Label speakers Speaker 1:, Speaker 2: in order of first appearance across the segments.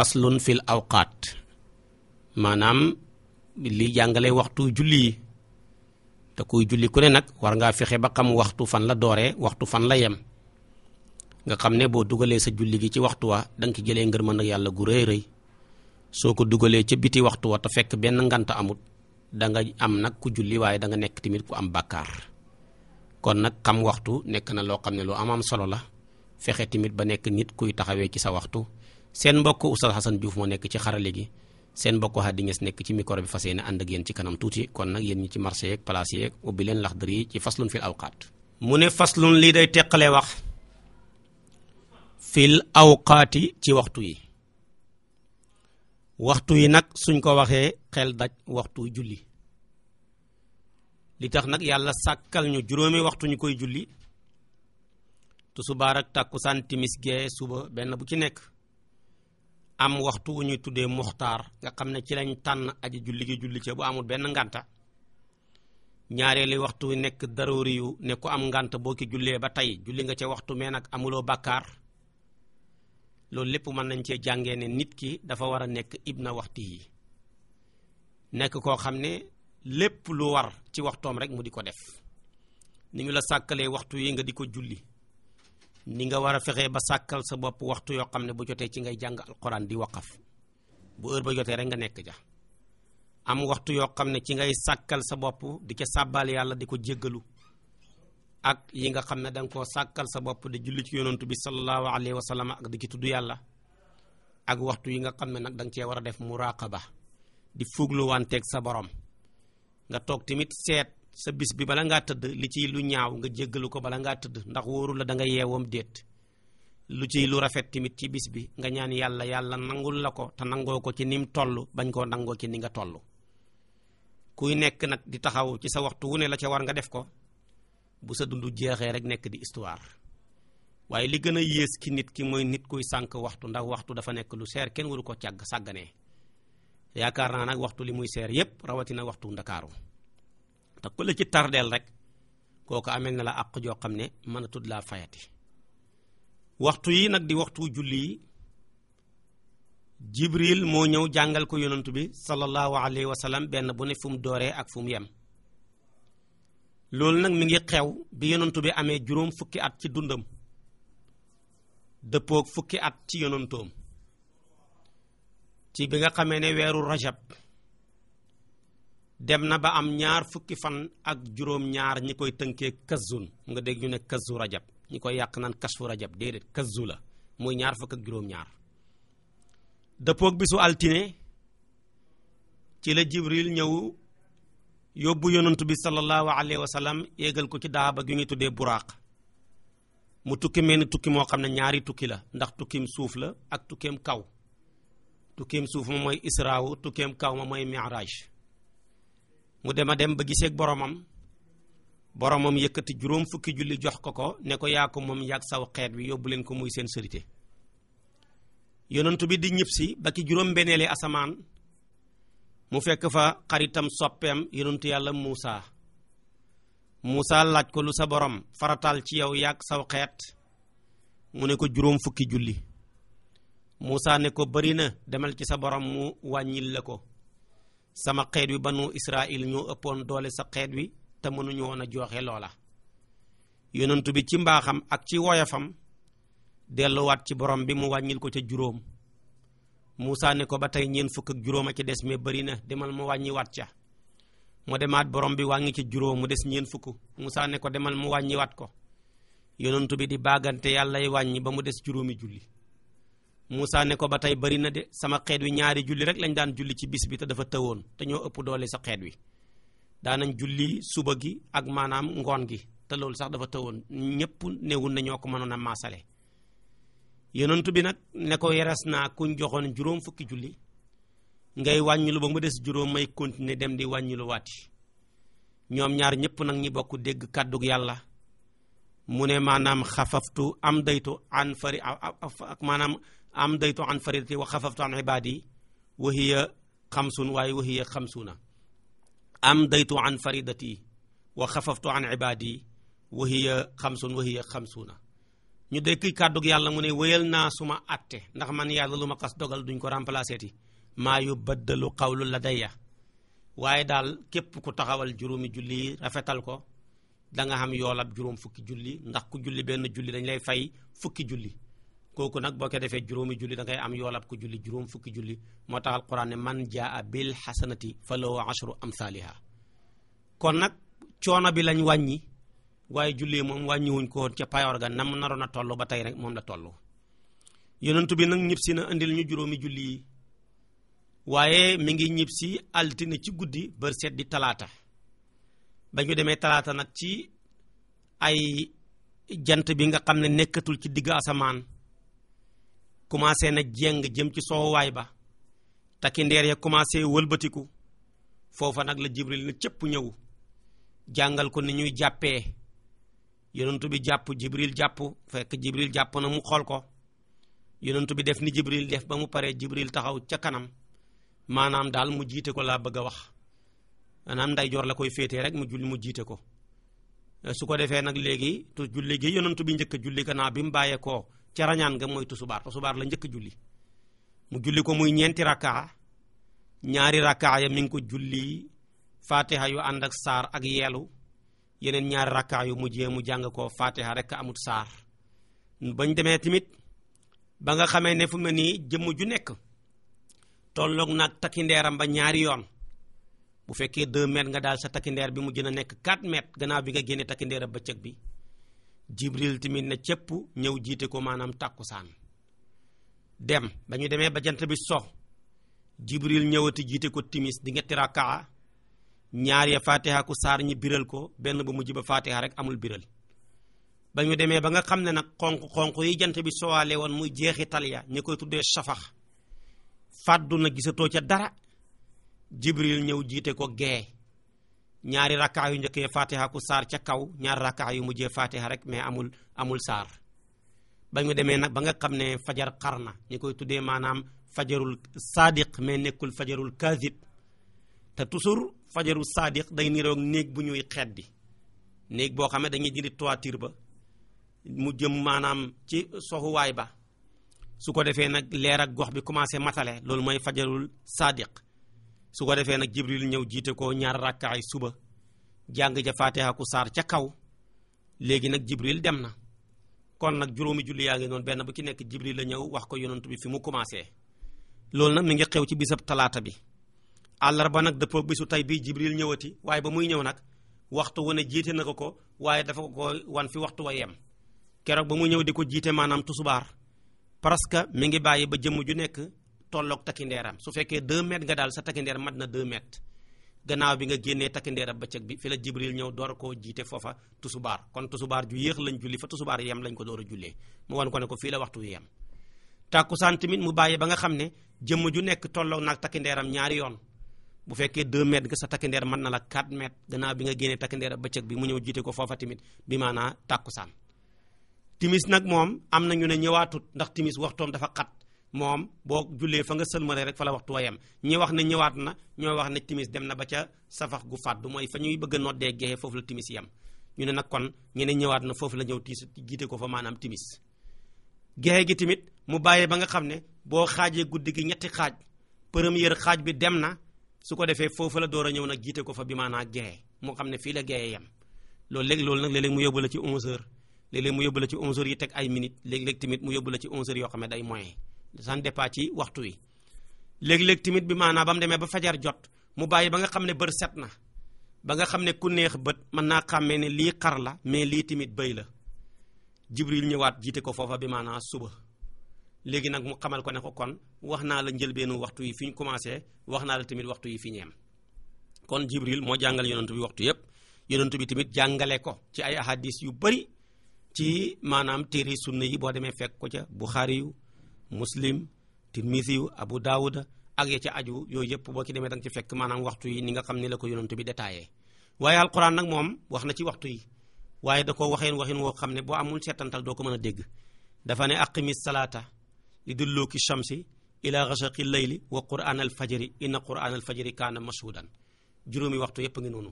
Speaker 1: faslun fil awqaat maanaam li jàngale waxtu julli yi te kuy julli ku ne nag war ngaa fexe ba xam waxtu fan la dooree waxtu fan la yem nga xam ne boo dugalee sa julli gi ci waxtu wa da ci jëlee ngërmën ak yàlla gu rëy rëy soo ko dugalee ca biti waxtu wa te fekk benn ngant amut da nga am nag ku julli waaye da nga nekk tamit ku am bàkkaar kon nag xam waxtu nekk na loo xam ne lu am am solo la fexe tamit ba nekk nit kuy taxawee ci sa waxtu seen mbokk Oustaz Assane Diouf moo nekk ci xarale gi seen mbokk di Niass nekk ci micro bi fas yéene ànd ak yéen ci kanam tuuti kon nag yéen ñi ci marché yeeg place yeeg ubbi leen laxdar yi ci faslun fil awqaat mu ne faslun lii day teqale wax fil awqaati ci waxtu yi waxtu yi nag suñ ko waxee xel daj waxtu julli li tax nag yàlla sàkkal ñu juróomi waxtu ñu koy julli tusubaar ak tàkkusaan santimis gee suba benn bu ci nekk am waxtu wu ñuy tuddee muxtaar nga xam ne ci lañ tànn aji julli gi julli ca bu amul benn ngànta ñaareeli waxtu wi nekk daroori yu ne ku am ngànt boo ki jullee ba tey julli nga ca waxtu mee nag amuloo bàkkaar loolu lépp mën nañ cee jàngee ne nit ki dafa war a nekk ibna waxti yi nekk koo xam ne lépp lu war ci waxtoom rek mu di ko def ni ñu la sàkkalee waxtu yi nga di ko julli ni nga war a fexee ba sàkkal sa bopp waxtu yoo xam ne bu jotee ci ngay jàng alxuraan di waqaf bu heure ba jotee rek nga nekk ja am waxtu yoo xam ne ci ngay sàkkal sa bopp di ca sàbbaal yàlla di ko jéggalu ak yi nga xam ne da koo sàkkal sa bopp di jullit ci yonantu bi sallallahu alayhi wa sallam ak di ci tudd yàlla ak waxtu yi nga xam ne nag danga cee war a def muraqaba di fugluwanteeg sa borom nga toog tamit seet sa bis bi bala ngaa tëdd li ciy lu ñaaw nga jéggalu ko bala ngaa tëdd ndax wóoru la da nga yeewam déet lu ciy lu rafet tamit ci bis bi nga ñaan yàlla yàlla nangul la ko te nangoo ko ci nim toll bañ koo nangoo ci ni nga toll kuy nekk nag di taxaw ci sa waxtu wu ne la ca war nga def ko bu sa dund jeexee rek nekk di histoire waaye li gën a yées ki nit ki mooy nit kuy sànq waxtu ndax waxtu dafa nekk lu seer kenn waru ko càgg sàgganee yaakaar naa nag waxtu li muy seer yépp rawatina waxtu ndakaaru te ku la ci tardeel rek kooku amel na la àq joo xam ne mën a tudd laa fayati waxtu yi nag di waxtu julli yi jibril moo ñëw jàngal ko yonent bi sallallahu alayhi wa sallam benn bu ne fu mu dooree ak fu mu yem loolu nag mi ngi xew bi yonent bi amee juróom fukki at ci dundam dëppoog fukki at ci yonentoom ci bi nga xamee ne weeru rajab dem na ba am ñaar fukki fan ak juróom-ñaar ñi koy tënkee kazzun nga dégg ñu ne kazzu rajab ñi koy yàq naan kasfu rajab déedéet kazzu la muy ñaar fukk ak juróom-ñaar dëppoog bisu altine ci la jibril ñëw yóbbu yonantu bi sallallahu alayhi wa sallam yéegal ko ci daaba gi ñu tuddee buraaq mu tukki mel ni tukki moo xam ne ñaari tukki la ndax tukkim suuf la ak tukkeem kaw tukkeem suuf ma mooy israawu tukkeem kaw ma mooy mi'raj mu dem a dem ba giseeg boromam boromam yëkkati juróom fukki julli jox ko ko ne ko yaa ko moom yàgg saw xeet bi yóbbu leen ko muy seen sërite yonentu bi di ñibbisi ba ki juróom benneeli asamaan mu fekk fa xaritam soppeem yonentu yàlla Muusa Muusa laaj ko lu sa borom farataal ci yow yàgg saw xeet mu ne ko juróom fukki julli Muusa ne ko bari na demal ci sa borom mu wàññil la ko sama xeet wi banu Israil ñoo ëppoon doole sa xeet wi te mënuñu woon a joxe loola yonentu bi ci mbaaxam ak ci woyafam delluwaat ci borom bi mu wàññil ko ca juróom Moussa ne ko ba tey ñeent fukk juróom a ci des mais bëri na demal mu wàññiwaat ca mu demaat borom bi wàññi ci juróom mu des ñeent fukk Moussa ne ko demal mu wàññiwaat ko yonentu bi di bàggante yàlla wàññi ba mu des juróomi julli Moussa ne ko ba tey bari na de sama xeet wi ñaari julli rek lañ daan julli ci bis bi te dafa tëwoon te ñoo ëpp doole sa xeet wi daanañ julli suba gi ak maanaam ngoon gi te loolu sax dafa tëwoon ñëpp newul na ñoo ko mënoon a maasale yonentu bi nag ne ko yeres naa kuñ joxoon juróom fukki julli ngay wàññilu ba mu des juróom may continuer dem di wàññilu waati ñoom ñaar ñëpp nag ñi bokk dégg kàddug yàlla mu ne maanaam xafaftu am daytu an fari ak maanaam am daytu an faridati wa xafaftu an ibadi wa hiya xamsun waaye wa hiya xamsuna am daytu an faridati wa xafaftu an ibadi wa hiya xamsun wa hiya xamsuna ñu de kii kàddug yàlla mu ne wéyal naa suma atte ndax man yàlla lu ma kas dogal duñ ko remplacé ti maa yu baddalu xawlu la daya waaye daal képp ku taxawal juróomi julli rafetal ko danga xam yoolab juróom fukki julli ndax ku julli benn julli dañ lay fay fukki julli kooku nag boo ko defee juróomi julli da ngay am yoolab ko julli juróom fukki julli moo tax alquran ne man jaa bil xasanati falahu ashru amsaaliha kon nag coono bi lañ wàññi waaye julli moom wàññiwuñ ko woon ca payoor ga nam naroon a toll ba tey rek moom la toll yonentu bi nag ñib na indi ñu juróomi julli yi waaye mu ngi ñib si altine ci guddi bër seet di talaata ba ñu demee talaata nag ci ay jant bi nga xam ne nekkatul ci digg asamaan commencé na jeng jëm ci waay ba takkindeer ya commencé wëlbatiku foofa nag la jibril na cëpp ñëw jàngal ko ni ñuy jàppee yonentu bi jàpp jibril jàpp fekk jibril jàpp na mu xool ko yonentu bi def ni jibril def ba mu paree jibril taxaw ca kanam maanaam daal mu jiite ko laa bëgg a wax maanaam ndeyjoor la koy féete rek mu julli mu jiite ko su ko defee nag léegi tu julli gi yonentu bi njëkk julli naa bi mu bàyyeekoo ca rañaan nga mooy tusubaar tusubaar la njëkk julli mu julli ko muy ñeenti rakkaa ñaari rakkaa ya mi ngi ko julli fatiha yu ànd ak saar ak yelu yeneen ñaari rakkaa yu mujjee mu jàng ko fatiha rek amut saar bañ demee tamit ba nga xamee ne fu mu ne nii jëmm ju nekk tolloog nag takkindeeram ba ñaari yoon bu fekkee 2 mètres nga daal sa takkindeer bi mu gën a nekk 4 mètres gannaaw bi nga génne takkindeeram bëccëg bi jibril tamit na cépp ñëw jiite ko maanaam saan dem ba ñu demee ba jant bi sox jibril ñëwati jiite ko timis di ñetti rakkaa ñaar ya fatiha ku saar ñi biral ko benn bu mujj ba fatiha rek amul biral ba ñu demee ba nga xam ne nag xonq-xonq yi jant bi sowaale woon muy jeexi taliya ñu koy tuddee safax fàddu na gisatoo ca dara jibril ñëw jiite ko gee ñaari rakka yu njëkkee fatiha ku saar ca kaw ñaari rakka yu mujjee fatiha rek mais amul amul saar ba ñu demee nag ba nga xam ne fajar xar na ñu koy tuddee maanaam fajarul sadiq mais nekkul fajarul kazib te toujours fajaru sadiq day niroog néeg bu ñuy xeddi néeg boo xam ne dañuy jëli toiture ba mu jëm maanaam ci soxuwaay ba su ko defee nag leer ak gox bi commencé matale loolu mooy fajarul sadiq su ko defee nag jibril ñëw jiite koo ñaar rakkaay suba jàng ja fatiha ku saar ca kaw léegi nag jibril dem na kon nag juróomi julli yaa ngi noonu benn bu ci nekk jibril la ñëw wax ko yonent bi fi mu commencé loolu nag mi ngi xew ci bisab talaata bi àllarba nag dëppoo bisu tey bii jibril ñëwati waaye ba muy ñëw nag waxtu wu ne jiite na ko ko waaye dafa ko wan fi waxtu wa yem keroog ba mu ñëw di ko jiite maanaam tusubaar parce que mi ngi bàyyi ba jëmm ju nekk tolloog takkindeeram su fekkee 2 mètres nga daal sa takkindeer mat na 2 mètres gannaaw bi nga génnee takkindeeram bi fi la jibril ñëw door koo jiite foofa tusubaar kon tusubaar ju yéex lañ julli fa tusubaar yem lañ ko door a jullee mu wan ko ne ko fii la waxtu mu bàyyi ba nga xam ne jëmm ju nekk tolloog naag takkindeeram ñaari yoon bu fekkee 2 mètres nga sa takkindeer mën na la 4 mètres gannaaw bi nga génnee takkindeer bëccëg bi mu ñëw jiite ko foofa tamit bi maanaa tàkkusaan timis nag moom am na ñu ne ñëwaatut ndax timis waxtoom dafa xat moom boo jullee fa nga sëlmale rek fa la waxtu wayam ñi wax ne ñëwaat na ñoo wax ne timis dem na ba ca safax gu fàddu mooy fa ñuy bëgg a noddee gexe foofu la timis yam ñu ne nag kon ñu ne ñëwaat na foofu la ñëw tiis jiite ko fa maanaam timis gexe gi tamit mu bàyyee ba nga xam ne boo xaajee guddi gi ñetti xaaj première xaaj bi dem na su ko defee foofu la door a ñëw nag jiite ko fa bi maanaa gexe moo xam ne fii la gexe yam loolu léeg loolu nag léeg mu yóbbu ci 11 heures léeg-léeg mu yóbbu la ay minutes léeg-léeg tamit mu yóbbu la ci 11 yoo xam ne day moyen san dépend ci waxtu yi léegi léeg tamit bi maanaam ba mu demee ba fajar jot mu bàyyi ba nga xam ne bër set na ba nga xam ne ku neex bët mën naa xàmmee ne lii xar la mais lii tamit bëy la jibril ñëwaat jiite ko foofa bi maanaam suba léegi nag mu xamal ko ne ko kon wax naa la njëlbeenu waxtu yi fi ñu commencé wax naa la tamit waxtu yi fi ñeem kon jibril moo jàngal yonentu bi waxtu yépp yonentu bi tamit jàngale ko ci ay ahadis yu bari ci maanaam téere sunna yi boo demee fekk ko ca buxaari yu muslim tirmisiyu abu daawuda ak ya ca aju yooyu yëpp boo ci demee danga ci fekk maanaam waxtu yi ni nga xam ne la ko yonent bi détaillé waaye alquran nag moom wax na ci waxtu yi waaye da ko waxeen waxin woo xam ne boo amul seetantal doo ko mën a dégg dafa ne aqimi salaata li dulluki shamsi ila ghasaqi layli wa qur'an al fajri inna qur'an al fajri kaana mashhudan juróomi waxtu yëpp ngi noonu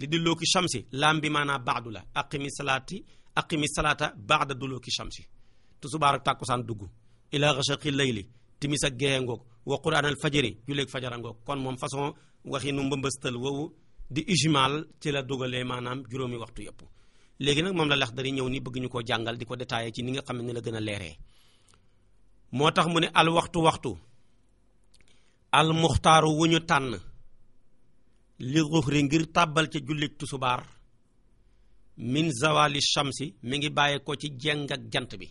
Speaker 1: li dulluki shamsi laam bi maanaa baadu la aqimi salaati aqimi salaata baada dulluki shamsi tusubaar ak tàkkusaan dugg ila ghasaqi layli timis ak gexe ngoog wa quraan al fajri fajara ngoog kon moom façon waxi nu mbëmbëstal woowu di ijmal ci la dugalee maanaam juróomi waxtu yëpp léegi nag moom la Laxdari ñëw ni bëgg ñu koo jàngal di ko détaillé ci ni nga xam ne la gën a leeree moo tax mu ne al waxtu waxtu al muxtaaru wu ñu tànn li xuxri ngir tàbbal ca jullit tusubaar min zawali shamsi mi ngi bàyyi ci jeng ak jant bi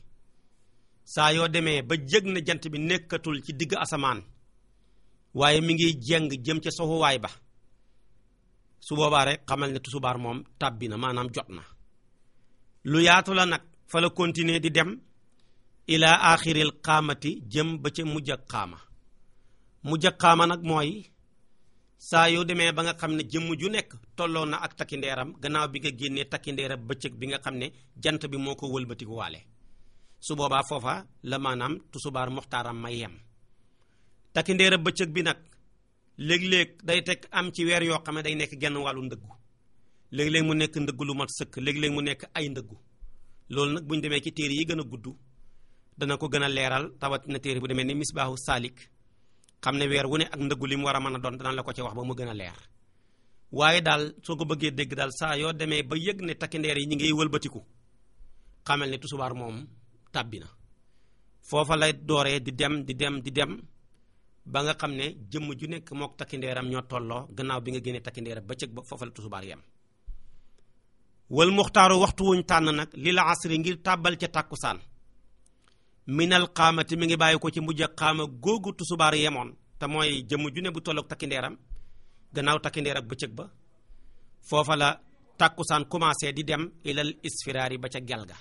Speaker 1: saa yoo demee ba jëg na jant bi nekkatul ci digg asamaan waaye mi ngi jeng jëm ca soxuwaay ba su boobaa rek xamal ne tusubaar moom tàbbi na maanaam jot na lu yaatu la nag fa la continuer di dem ila axiril xaamati jëm ba ca mujj xaama mujj ak xaama nag mooy saa yoo demee ba nga xam ne jëmm ju nekk tolloo na ak takkindeeram gannaaw bi nga génnee takkindeeram bëccëg bi nga xam ne jant bi moo ko wëlbatikuwaale su boobaa foofa la maanaam tusubaar muxtaaram may yem takkindeera bëccëg bi nag léeg-léeg day tekk am ci weer yoo xam ne day nekk genn wàllu ndëggu léeg-léeg mu nekk ndëggu lu mat sëkk léeg-léeg mu nekk ay ndëggu loolu nag bu ñu demee ci téere yi gën a gudd dana ko gën a leeral rawatina téere bu demee ni misbaahu saalik xam ne weer wu ne ak ndëggu li mu war a mën a doon dana la ko ci wax ba mu gën a leer waaye daal soo ko bëggee dégg daal saa yoo demee ba yëg ne takkindeer yi ñu ngi wëlbatiku xamal ne tusubaar moom tàbbi na foofa lay dooree di dem di dem di dem ba nga xam ne jëmm ju nekk mook takkindeeram ñoo tolloo gannaaw bi nga génnee takkindeeram bëccëg ba foofa la tusubaar yem wal muxtaaru waxtu wuñ tànn nag li la asri ngir tàbbal ca tàkkusaan minal xaamati mi ngi bàyyi ko ci mujj ak xaama googu tusubaar yemoon te mooy jëmm ju ne bu tolloog takkindeeram gannaaw takkindeer ba bëccëg ba foofa la takkusaan commencé di dem ilal isfiraar yi ba ca gel ga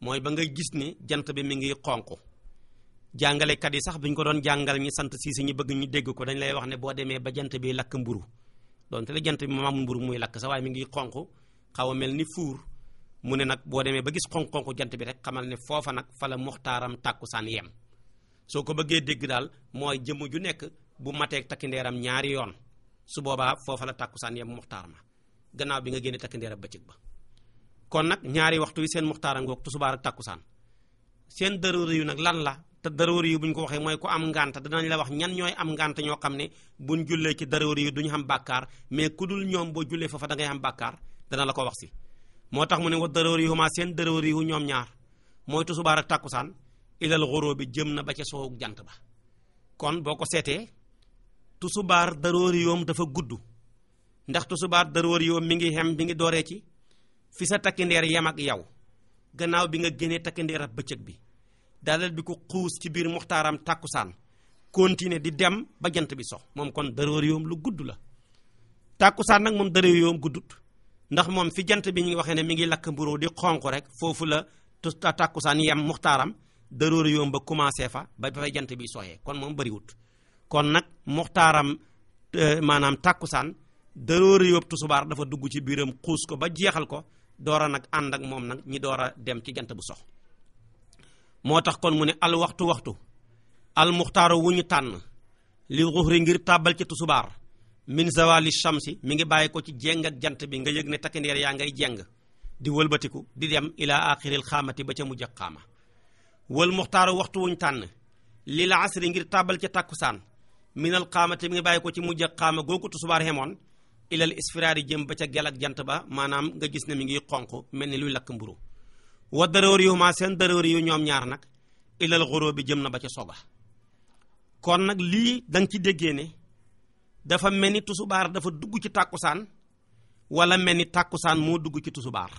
Speaker 1: mooy ba ngay gis ni jant bi mi ngi xonq jàngalekat yi sax buñ ko doon jàngal ñi sant siise ñu bëgg ñu dégg ko dañu lay wax ne boo demee ba jant bi lakk mburu donte la jant bi moom amul mburu muy lakk sax waaye mi ngi xonq xaw a mel ni fuur mu ne nag boo demee ba gis xonq-xonq jant bi rek xamal ne foofa nag fa la muxtaaram tàkkusaan yem soo ko bëggee dégg daal mooy jëmm ju nekk bu mateeg takkindeeram ñaari yoon su boobaa foofa la tàkkusaan yem muxtaar ma gannaaw bi nga génne takkindeeram bëccëg ba kon nag ñaari waxtu yi seen muxtaara ngoog tusubaar ak takkusaan seen daroori yu nag lan la te daroori yu bu ñu ko waxee mooy ku am ngànta danañ la wax ñan ñooy am ngànta ñoo xam ne buñ jullee ci daroori yu duñu xam bàkkaar mais ku dul ñoom boo jullee foofa da ngay xam bàkkaar dana la ko wax si moo tax mu ne wa daroori yu ma seen daroori yu ñoom ñaar mooy tusubaar ak takkusaan ilal xuroo bi jëm na ba ca soowug jant ba kon boo ko seetee tusubaar daroori yoom dafa gudd ndax tusubaar daroori yoom mi ngi xem mi ngi dooree ci fi sa takkindeer yam ak yow gannaaw bi nga génnee takkindeer ab bëccëg bi dalal bi ko xuus ci biir muxtaaram tàkkusaan continuer di dem ba jant bi sox moom kon daroor lu gudd la tàkkusaan nag moom daroor yoom ndax moom fi bi ñu waxee ne mi ngi lakk mburu di xonq rek foofu la tàkkusaan yem muxtaaram daroor yoom ba commencé fa ba dafay jant bi soxee kon moom bëriwut kon nag muxtaaram euh, maanaam tàkkusaan daroor yóob tusubaar dafa dugg ci biiram xuus ko ba jeexal ko door nag ànd ak moom nag ñi door a dem ci jant bu sox moo tax kon mu ne al waxtu waxtu al muxtaaru wu ñu tànn li ruuxri ngir tàbbal ci tusubaar min zawali shamsi mi ngi bàyyi ko ci jeng ak jant bi nga yëg ne takkandeer yaa ngay jeng di wëlbatiku di dem ila axiril xaamati ba ca mujj ak xaama wal muxtaaru waxtu wuñu tànn lil asri ngir tàbbal ca tàkkusaan minal xaamati mi ngi bàyyi ko ci mujj ak xaama googu tusubaar xemoon ilal isfiraari jëm ba ca gel ak jant ba maanaam nga gis ne mi ngi xonq mel ni luy lakk mburu wa daroori ma seen daroori ñoom ñaar nag ilal xuroo bi jëm na ba ca soga kon nag lii danga ci déggee ne dafa mel ni tusubaar dafa dugg ci tàkkusaan wala mel ni tàkkusaan moo dugg ci tusubaar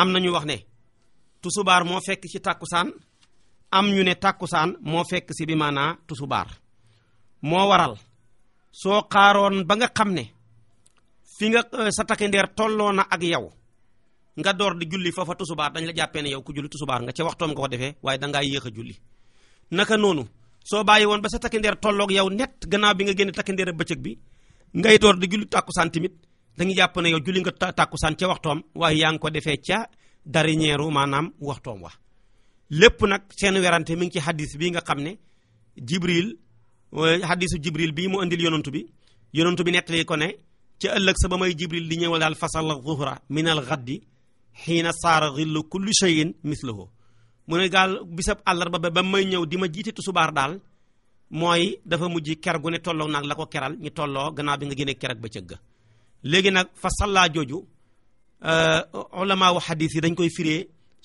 Speaker 1: am na ñu wax ne tusubaar moo fekk ci tàkkusaan am ñu ne tàkkusaan moo fekk si bi maanaa tusubaar moo waral soo xaaroon ba nga xam ne fi nga eh, sa takkandeer tolloo na ak yow nga door di julli foofa tusubaar dañ la jàppee ne yow ku julli tusubaar nga ca waxtoom nga ko defee waaye dangaa a julli naka noonu soo bàyyi woon ba sa takkandeer tolloog yow net gannaaw bi nga génne takkandeer a bëccëg bi ngay door di julli tàkkusaan tamit dañu jàpp ne yow julli nga tàkkusaan ca waxtoom waaye yaa ngi ko defee ca dariñeeru maanaam waxtoom wa lépp nag seen werante mi ngi ci hadis bii nga xam ne jibril hadisu eh, jibril bii mu indil yonantu bi yonantu bi nettali ko ne ci ëllëg sa ba may jibril di ñëwal daal fasala zuhra min al gaddi xiina saara zillu kulli shay'in mislahu mu ne gaal bisab àllarba ba ba may ñëw di ma jiite tusubaar daal mooy dafa mujj ker gu ne tolloo nag la ko keral ñu tolloo gannaaw bi nga génne ker ak ba cëgg léegi nag fa salla jooju euh, ulama wa hadis yi dañ koy firee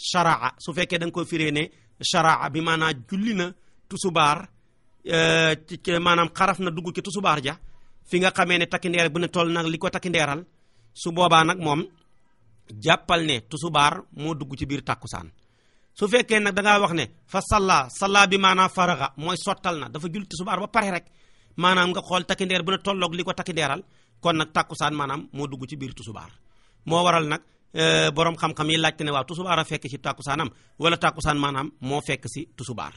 Speaker 1: sharaa su fekkee dañ koy firee ne sharaa bi maanaam julli na tusubaar euh, maanaam xaraf na dugg ci tusubaar ja fi nga xamee ne takki bu ne toll nag li ko takki ndeeral su boobaa nag moom jàppal ne tusubaar moo dugg ci biir tàkkusaan su fekkee nag da ngaa wax ne fa salla salla bi maanaam faraga mooy sottal na dafa jul tusubaar ba pare rek maanaam nga xool takki bu ne tolloog li ko takki ndeeral kon nag tàkkusaan maanaam moo dugg ci biir tusubaar moo waral nag e, borom xam-xam yi laajte ne waaw tusubaar a fekk ci tàkkusaanam wala tàkkusaan maanaam moo fekk si tusubaar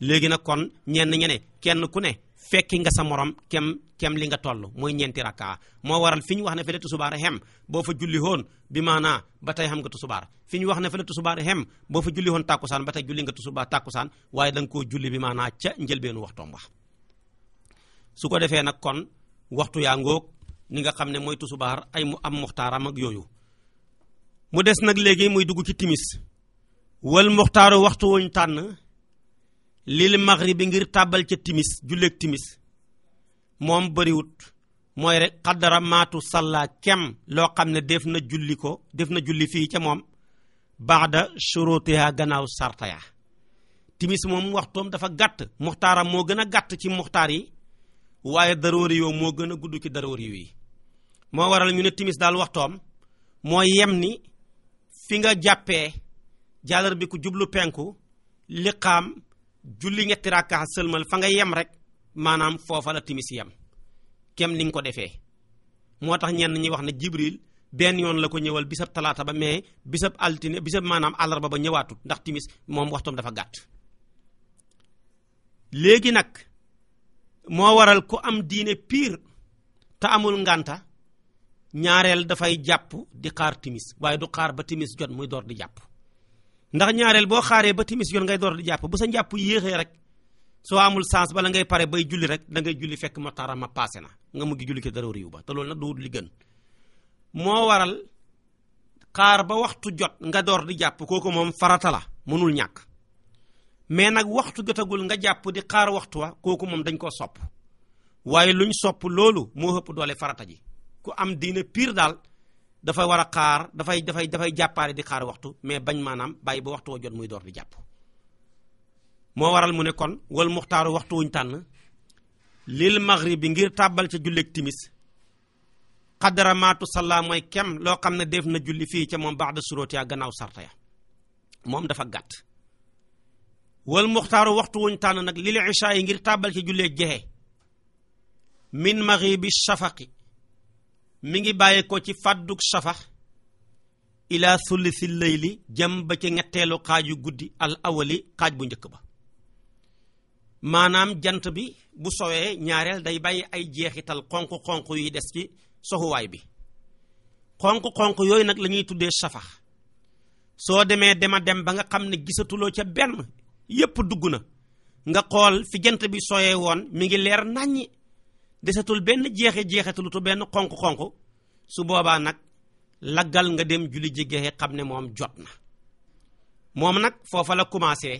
Speaker 1: léegi nag kon ñenn ñene kenn ku ne fekki nga sa morom kem kem li nga toll mooy ñeenti rakkaa moo waral fi ñu wax ne fële tusubaar xem boo fa julli woon bi maanaa ba tey xam nga tusubaar fi ñu wax ne fële tusubaar xem boo fa julli woon tàkkusaan ba tey julli nga tusubaar tàkkusaan waaye da nga koo julli bi maanaa ca njëlbeenu waxtoom wax su ko defee nag kon waxtu yaa ngoog ni nga xam ne mooy tusubaar ay mu am muxtaaram ak yooyu mu des nag léegi muy dugg ci timis wal muxtaaru waxtu tànn lil bi ngir tàbbal ca timis julleeg timis moom bëriwut mooy rek xaddara maatu salla kem loo xam ne def na julli ko def na julli fii ca moom baax baada shurutiha gannaaw sartaya timis moom waxtoom dafa gàtt muxtaaram moo gën a gàtt ci muxtaar yi waaye daroori yoo moo gën a gudd ci daroori yi moo waral ñu ne timis daal waxtoom moo yem ni fi nga jàppee jàllar bi ku jublu penku liqaam julli ñetti rakka sëlmal fa nga yem rek maanaam foofa la timis yem kem ni nga ko defee moo tax ñenn ñi wax ne Jibril benn yoon la ko ñëwal bisab talaata ba mais bisab altine bisab maanaam àllarba ba ñëwaatut ndax timis moom waxtoom dafa gàtt léegi nag moo waral ku am diine piir te amul ngànta ñaareel dafay jàpp di xaar timis waaye du xaar ba timis jot muy door di jàpp ndax ñaareel boo xaaree ba timis yoon ngay door di jàpp bu sa njàpp yéexee rek soo amul sens bala ngay pare bay julli rek da ngay julli fekk ma tara ma passé na nga muggi julli ki dara réew ba te loolu nag du li gën moo waral xaar ba waxtu jot nga door di jàpp kooku moom farata la mënul ñàkk mais nag waxtu jotagul nga jàpp di xaar waxtu wa kooku moom dañ koo sopp waaye luñ sopp loolu moo ëpp doole farata ji ku am diine piir daal dafa war a xaar dafay dafay dafay jàppaale di xaar waxtu mais bañ maanaam bàyyi ba waxtu wa jot muy door di jàpp moo waral mu ne kon wal muxtaaru waxtu wuñ tànn lil maghrib bi ngir tàbbal ca julleeg timis salla mooy kem loo xam ne def na julli fii ca moom ba'da suróoti gannaaw sarta moom dafa gàtt wal muxtaaru waxtu wuñ tànn nag lil isha yi ngir tàbbal ca julleeg jexe min maghribi shafaqi mi ngi bàyyi ko ci fàddug safax ila thulithil li jëm ba ci ñetteelu yu guddi al awali xaaj bu njëkk ba maanaam jant bi bu sowee ñaareel day bàyyi ay jeexital xonq-xonq yuy des ci soxuwaay bi xonq-xonq yooyu nag lañuy tuddee safax soo demee dema dem ba nga xam ne gisatuloo ca benn yépp dugg na nga xool fi jant bi soowee woon mi ngi leer nàññi desatul benn jeexe jeexatalutu benn xonq-xonq su boobaa nag laggal nga dem julli ji geexe xam ne moom jot na moom nag foofa la commencé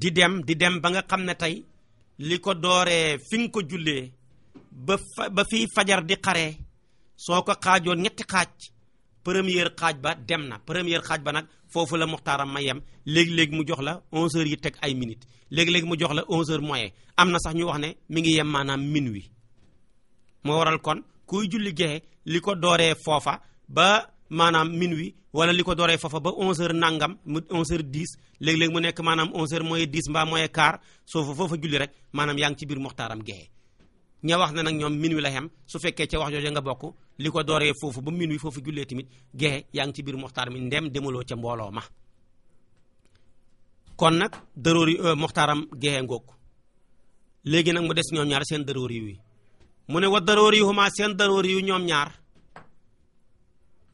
Speaker 1: di dem di dem ba nga xam ne tey li ko dooree fi nga ko jullee ba fa ba fii fajar di xaree soo ko xaajoon ñetti xaaj première xaaj ba dem na première xaaj ba nag foofu la muxtaaram ma yem léegi-léegi mu jox la onseur yi teg ay minutes léegi-léegi mu jox la 11 heures moyen am na sax ñu wax ne mi ngi yem maanaam minuit moo waral kon kuy julli gexe li ko dooree foofa ba maanaam minuit wala li ko dooree foofa ba 11h nangam mu 11h10 léeg-léeg mu nekk maanaam 11h mooy 10 mbaa mooy quart soo fa foofa julli rek maanaam yaa ngi ci biir moxtaaram gexe ña wax ne nag ñoom minuit la xem su fekkee ca wax jooju nga bokk li ko dooree foofu ba minuit foofu jullee tamit yaa ngi ci biir moxtaar mi ndem demaloo ca mbooloo ma nag dëroor yi euh, moxtaaram gexe ngoog léegi nag mu des ñoom ñaar seen dëroor yi mu ne wa daroori yu huma seen daroori yu ñoom ñaar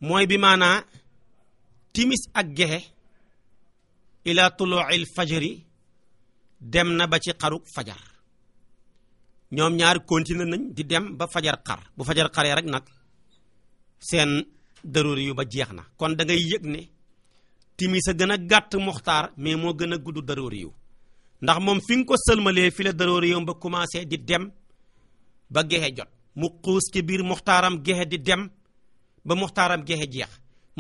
Speaker 1: mooy bi maanaa timis ak gexe ila tuluuxil fajari dem na ba ci xaruk fajar ñoom ñaar continué nañ di dem ba fajar xar bu fajar xaree rek nag seen daroori yu ba jeex na kon da ngay yëg ne timis a gën a gàtt muxtaar mais moo gën a gudd daroori yu ndax moom fi nga ko sëlmalee fi la daroori yu ba commencé di dem ba gexe jot mu xuus ci biir muxtaaram gexe di dem ba muxtaaram gexe jeex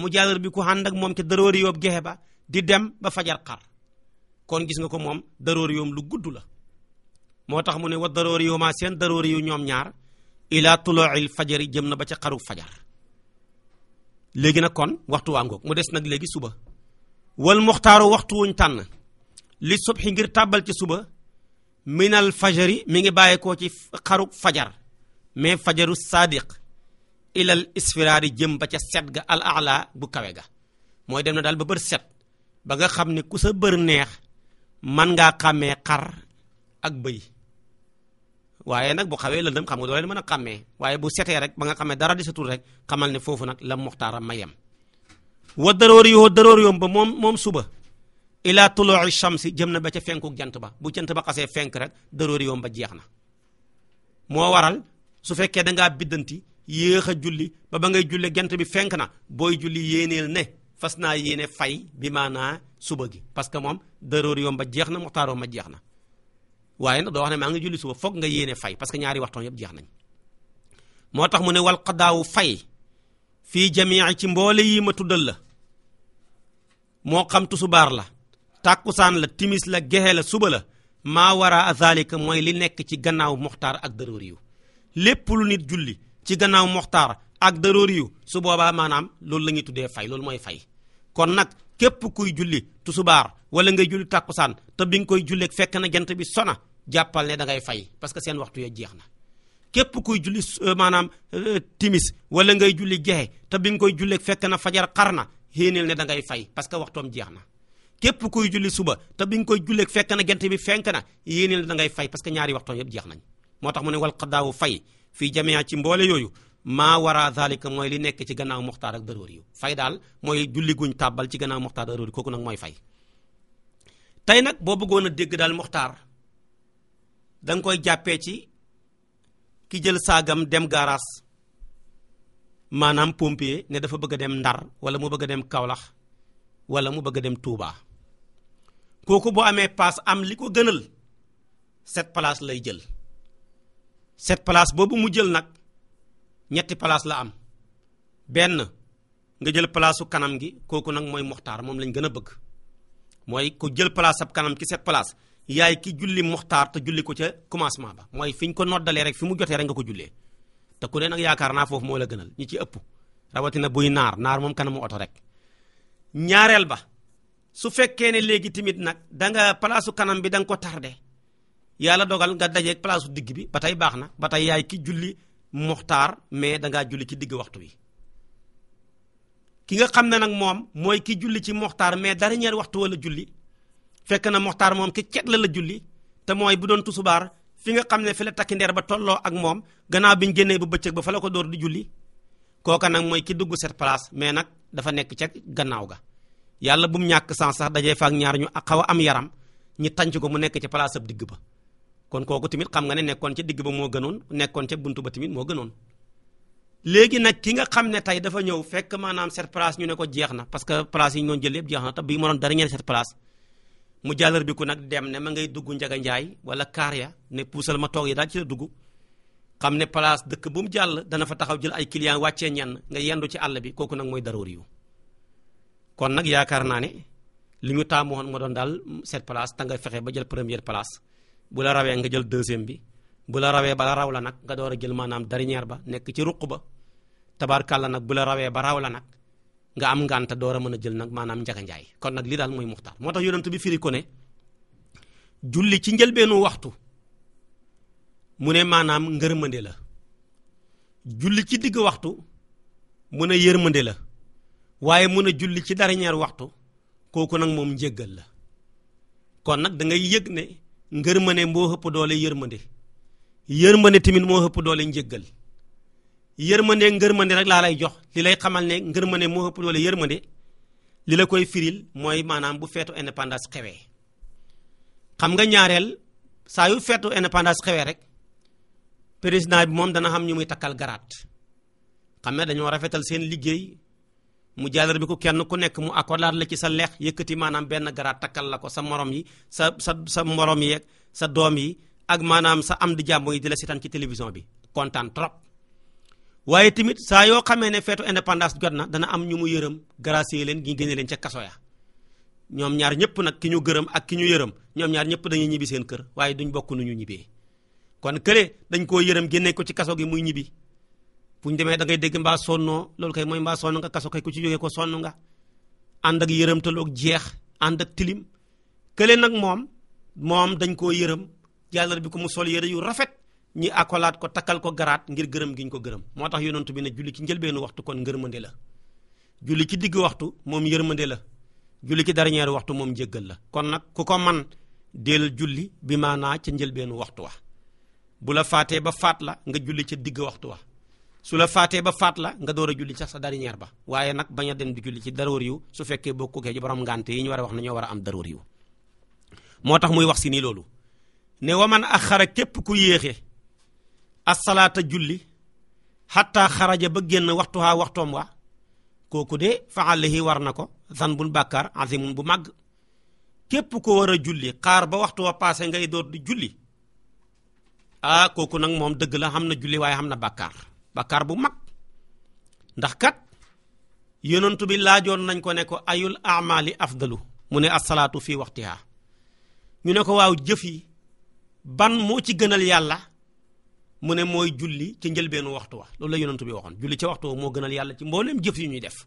Speaker 1: mu jaalar bi ku ànd ak moom ca daroori yoob gexe ba di dem ba fajar xar kon gis nga ko moom daroori yoom lu gudd la moo tax mu ne wa daroori yooma seen daroori yu ñoom ñaar ila tulu'il fajari jëm na ba ca xaru fajar léegi nag kon waxtu waa ngoog mu des nag léegi suba wal muxtaaru waxtu wuñ tànn li subhi ngir tàbbal ca suba minal fajari mi ngi bàyyeekoo ci xaru fajar mais fajaru sadiq ilal isfiraari jëm ba ca set ga al ala bu kawe ga mooy dem na daal ba bër set ba nga xam ne ku sa bër neex man ngaa xàmmee xar ak bëy waaye nag bu xawee lëndëm xam nga doo leen mën a xàmmee waaye bu setee rek ba nga xamee dara di satul rek xamal ne foofu nag la muxtaara mayem wa daroor yoo daroor yoom moom suba ila tulu'i shamsi jëm na ba ca fenku jant ba bu jant ba xasee fenk rek daroori yoom ba jeex na moo waral su fekkee da dangaa biddanti yéex a julli ba ba ngay julle jant bi fenk na booy julli yéeneel ne fas naa yéene fay bi maanaa suba gi parce que moom daroori yoom ba jeex na muxtaaroo ma jeex na waaye nag doo wax ne maa ngi julli suba foog nga yéene fay parce que ñaari waxtoon yëpp jeex nañ moo tax mu ne wal qadaawu fay fii jamii ci mboole yi ma tuddal la moo xam baar la tàkkusaan la timis la gexe la suba la maa wara a zalika mooy li nekk ci gannaaw muxtaar ak daróori lépp lu nit julli ci gannaaw muxtaar ak daróori yu su boobaa maanaam loolu la ñuy tuddee fay loolu mooy fay kon nag képp kuy julli tusubaar wala ngay julli tàkkusaan te bi nga koy julleeg fekk na jant bi sona jàppal ne da ngay fay parce que seen waxtu ya jeex na képp kuy julli euh, maanaam euh, timis wala ngay julli gexe te bi nga koy julleeg fekk na fajar xar na héeneel da ngay fay parce que waxtoom jeex na képp kuy julli suba te bi nga koy julleeg fekk na gent bi fenk na yéene la da fay parce que ñaari waxtoon yëpp jeex nañ moo tax mu ne wal xadaawu fay fii jamea ci mboole yooyu maa wara zalika mooy li nekk ci gannaaw muxtaar ak daroor yu fay daal mooy julli guñ tàbbal ci gannaaw muxtaar daroor yi kooku nag mooy fay tey nag boo bëggoon a dégg daal muxtaar danga koy jàppee ci ki jël saagam dem gaaraas maanaam pompier ne dafa bëgg dem Ndar wala mu bëgg a dem Kaolack wala mu bëgg dem Touba kooku boo amee paas am li ko gënal set place lay jël set place boobu mu jël nag ñetti place la am benn nga jël palaasu kanam gi kooku nag mooy moxtaar moom lañ gën a bëgg mooy ku jël place ab kanam ci sept place yaay ki julli moxtaar te julli ko ca commencement ba mooy fi ñ ko noddalee rek fi mu jotee rek nga ko jullee te ku ne nag yaakaar naa foofu moo la gënal ñi ci ëpp rawatina buy naar naar moom kanamu oto rek ñaareel ba su fekkee ne léegi tamit nag danga palaasu kanam bi danga ko tardé yàlla dogal nga dajeeg palaasu digg bi ba tey baax na ba tey yaay ki julli muxtaar mais dangaa julli ci digg waxtu wi ki nga xam ne nag moom mooy ki julli ci muxtaar mais dernier waxtu wala julli fekk na moxtaar moom ki cet la la julli te mooy bu doon tusubaar fi nga xam ne fi la takki ndeer ba tolloo ak moom gannaaw bi ñu génnee ba bëccëg ba fa la ko door di julli kooka nag mooy ki dugg set place mais nag dafa nekk ca gannaaw ga yàlla bu mu ñàkk sans sax dajee faak ñaar ñu xaw a am yaram ñu tànc ko mu nekk ci place digg ba kon kooku tamit xam nga ne nekkoon ca digg ba moo gënoon nekkoon ca bunt ba tamit moo gënoon léegi nag ki nga xam ne tey dafa ñëw fekk maanaam cette place ñu ne ko jeex na parce que place yi ñu jël yëpp jeex na bi ma doon dara ñeen cette place mu jàllar ku nag dem ne ma ngay dugg Njaga Njaay wala kaar ya ne puusal ma toog yi daal ci la dugg xam ne place dëkk bu mu jàll dana fa taxaw jël ay clients wàccee ñenn nga yendu ci àll bi kooku nag mooy daroori kon nag yaakaar naa ne li ñu taamu woon moo doon daal cette place te nga fexe ba jël première place bu la rawee nga jël deuxième bi bu la rawee ba raw la nag nga door a jël maanaam dernière ba nekk ci ruq ba tabarkàlla nag bu la rawee ba raw la nag nga am ngànta door a mën a jël nag maanaam njaganjaay kon nag lii daal mooy muxtaar moo tax yonent bi firi ko ne julli ci njëlbeenu waxtu mu ne maanaam ngër ngërmande la julli ci digg waxtu mu ne yërmande la waaye mën a julli ci dara ñaar waxtu kooku nag moom njéggal la kon nag dangay yëg ne ngërmande moo ëpp doole yërmande yërmande tamit moo ëpp doole njéggal yërmande ngërmande rek laa lay jox li lay xamal ne ngërmande moo ëpp doole yërmande li la koy firil mooy maanaam bu feetu indépendance xewee xam nga ñaareel saa yu feetu indépendance xewee rek président bi moom dana xam ñu muy takkal garaat xam ne dañoo rafetal seen liggéey mu jaalar bi ko kenn ku nekk mu accolade la ci sa leex yëkkati maanaam benn garaat takkal la ko sa morom yi sa sa sa morom yeeg sa doom yi ak maanaam sa am di jàmbo yi di la seetaan ci télévision bi kontaan trop waaye tamit saa yoo xamee ne feetu indépendance jot na dana am ñu mu yërëm gracier leen gi génne leen ca kaso ya ñoom ñaar ñëpp nag ki ñu gërëm ak ki ñu yërëm ñoom ñaar ñëpp dañuy ñibbi seen kër waaye duñ bokk nu ñu ñibbee kon kële dañ koo yërëm génne ko ci kaso gi muy ñibbi fu ñu demee da ngay dégg mbaa sonnoo loolu kay mooy mbaa sonn nga kaso kay ku ci jógee ko sonn nga ànd ak yërëmtaloog jeex ànd ak tilim kële nag moom moom dañ koo yërëm yàlla bi ko mu sol yëre yu rafet ñi akolaat ko takkal ko garaat ngir gërëm gi ñu ko gërëm moo tax yonentu bi ne julli ci njëlbeenu waxtu kon ngërmande la julli ci digg waxtu moom yërmande la julli ci dernier waxtu moom jéggal la kon nag ku ko man deel julli bi maanaa ca njëlbeenu waxtu wa bu la faatee ba faat la nga julli ca digg waxtu wa su la faatee ba faat la nga door a julli ca sa dernière ba waaye nag bañ a dem di julli ci daroor yu su fekkee boo kookee ci borom ngante yi ñu war a wax ne ñoo war a am daroor moo tax muy wax si nii loolu ne wa waman ak xara képp ku yéexee asalaata julli xataa xaraja ba génn waxtu waxtuwaa waxtoom wa kooku de faalihi war na ko san zanbun bàkkaar azimun bu màgg képp ko war a julli xaar ba waxtu wa passé ngay door di julli ah kooku nag moom dëgg la xam na julli waaye na bàkkaar bakkaar bu mag ndax kat yonentu bi laajoon nañ ko nekko ko ayul amali afdalu mu ne asalaatu fii waxtiha ñu ne ko waaw jëf yi ban moo ci gënal yàlla mu ne mooy julli ci njëlbeenu waxtu wa loolu la yonentu bi waxoon julli ci waxtu wa moo gënal yàlla ci mbooleem jëf yu ñuy def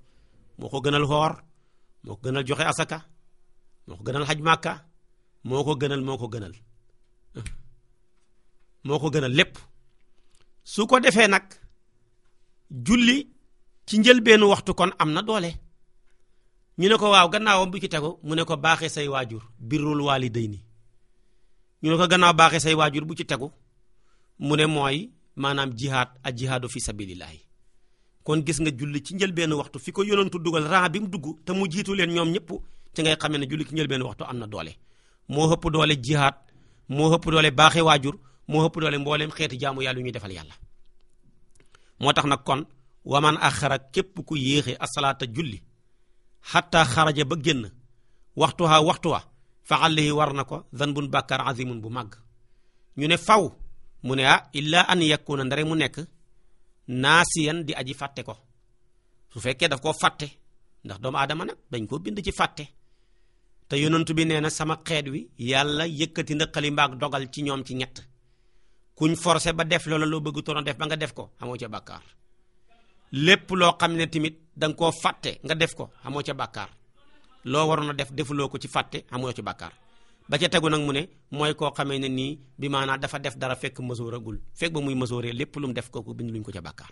Speaker 1: moo ko gënal xoor moo ko gënal joxe asaka moo ko gënal xaj màkka moo ko gënal moo ko gënal moo ko gënal lépp su ko defee nag julli ci njëlbeenu waxtu kon am na doole ñu ne ko waaw gannaawam bu ci tegu mu ne ko baaxee say waajur birrul nii ñu ne ko gannaaw baaxee say waajur bu ci tegu mu ne mooy maanaam jihaad ak jihaadu fi sabilillahi kon gis nga julli ci njëlbeenu waxtu fi ko yonantu dugal ran bi mu dugg te mu jiitu leen ñoom ñëpp ci ngay xamee ne julli ci njëlbeenu waxtu am na doole moo ëpp doole jihaad moo ëpp doole baaxee waajur moo ëpp doole mbooleem xeeti jaamu yàlla ñuy defal yàlla moo tax nag kon waman axara képp ku yéexe asalaata julli xatta xaraja ba génn waxtu waxtu wa fa alayhi war na ko zanbun bàkkaar azimun bu màgg ñu ne faw mu ne ah illa an yakuna ndare mu nekk naasiyan di aji fàtte ko su fekkee daf koo fàtte ndax doomu aadama nag dañ koo bind ci fàtte te yonent bi nee na sama xeet wi yàlla yëkkati na xalimbaak dogal ci ñoom ci ñett kuñ forcé ba def loola loo bëgg toona def ba nga def ko amoo ca bàkkaar lépp loo xam ne tamit da nga koo fàtte nga def ko amoo ca bàkkaar loo waroon a def defuloo ko ci fàtte amoo ca bàkkaar ba ca tegu nag mu ne mooy koo xamee ne nii bi maanaam dafa def dara fekk mësooragul fekk ba muy mësooree lépp lu mu def ko bind luñ ko ca bàkkaar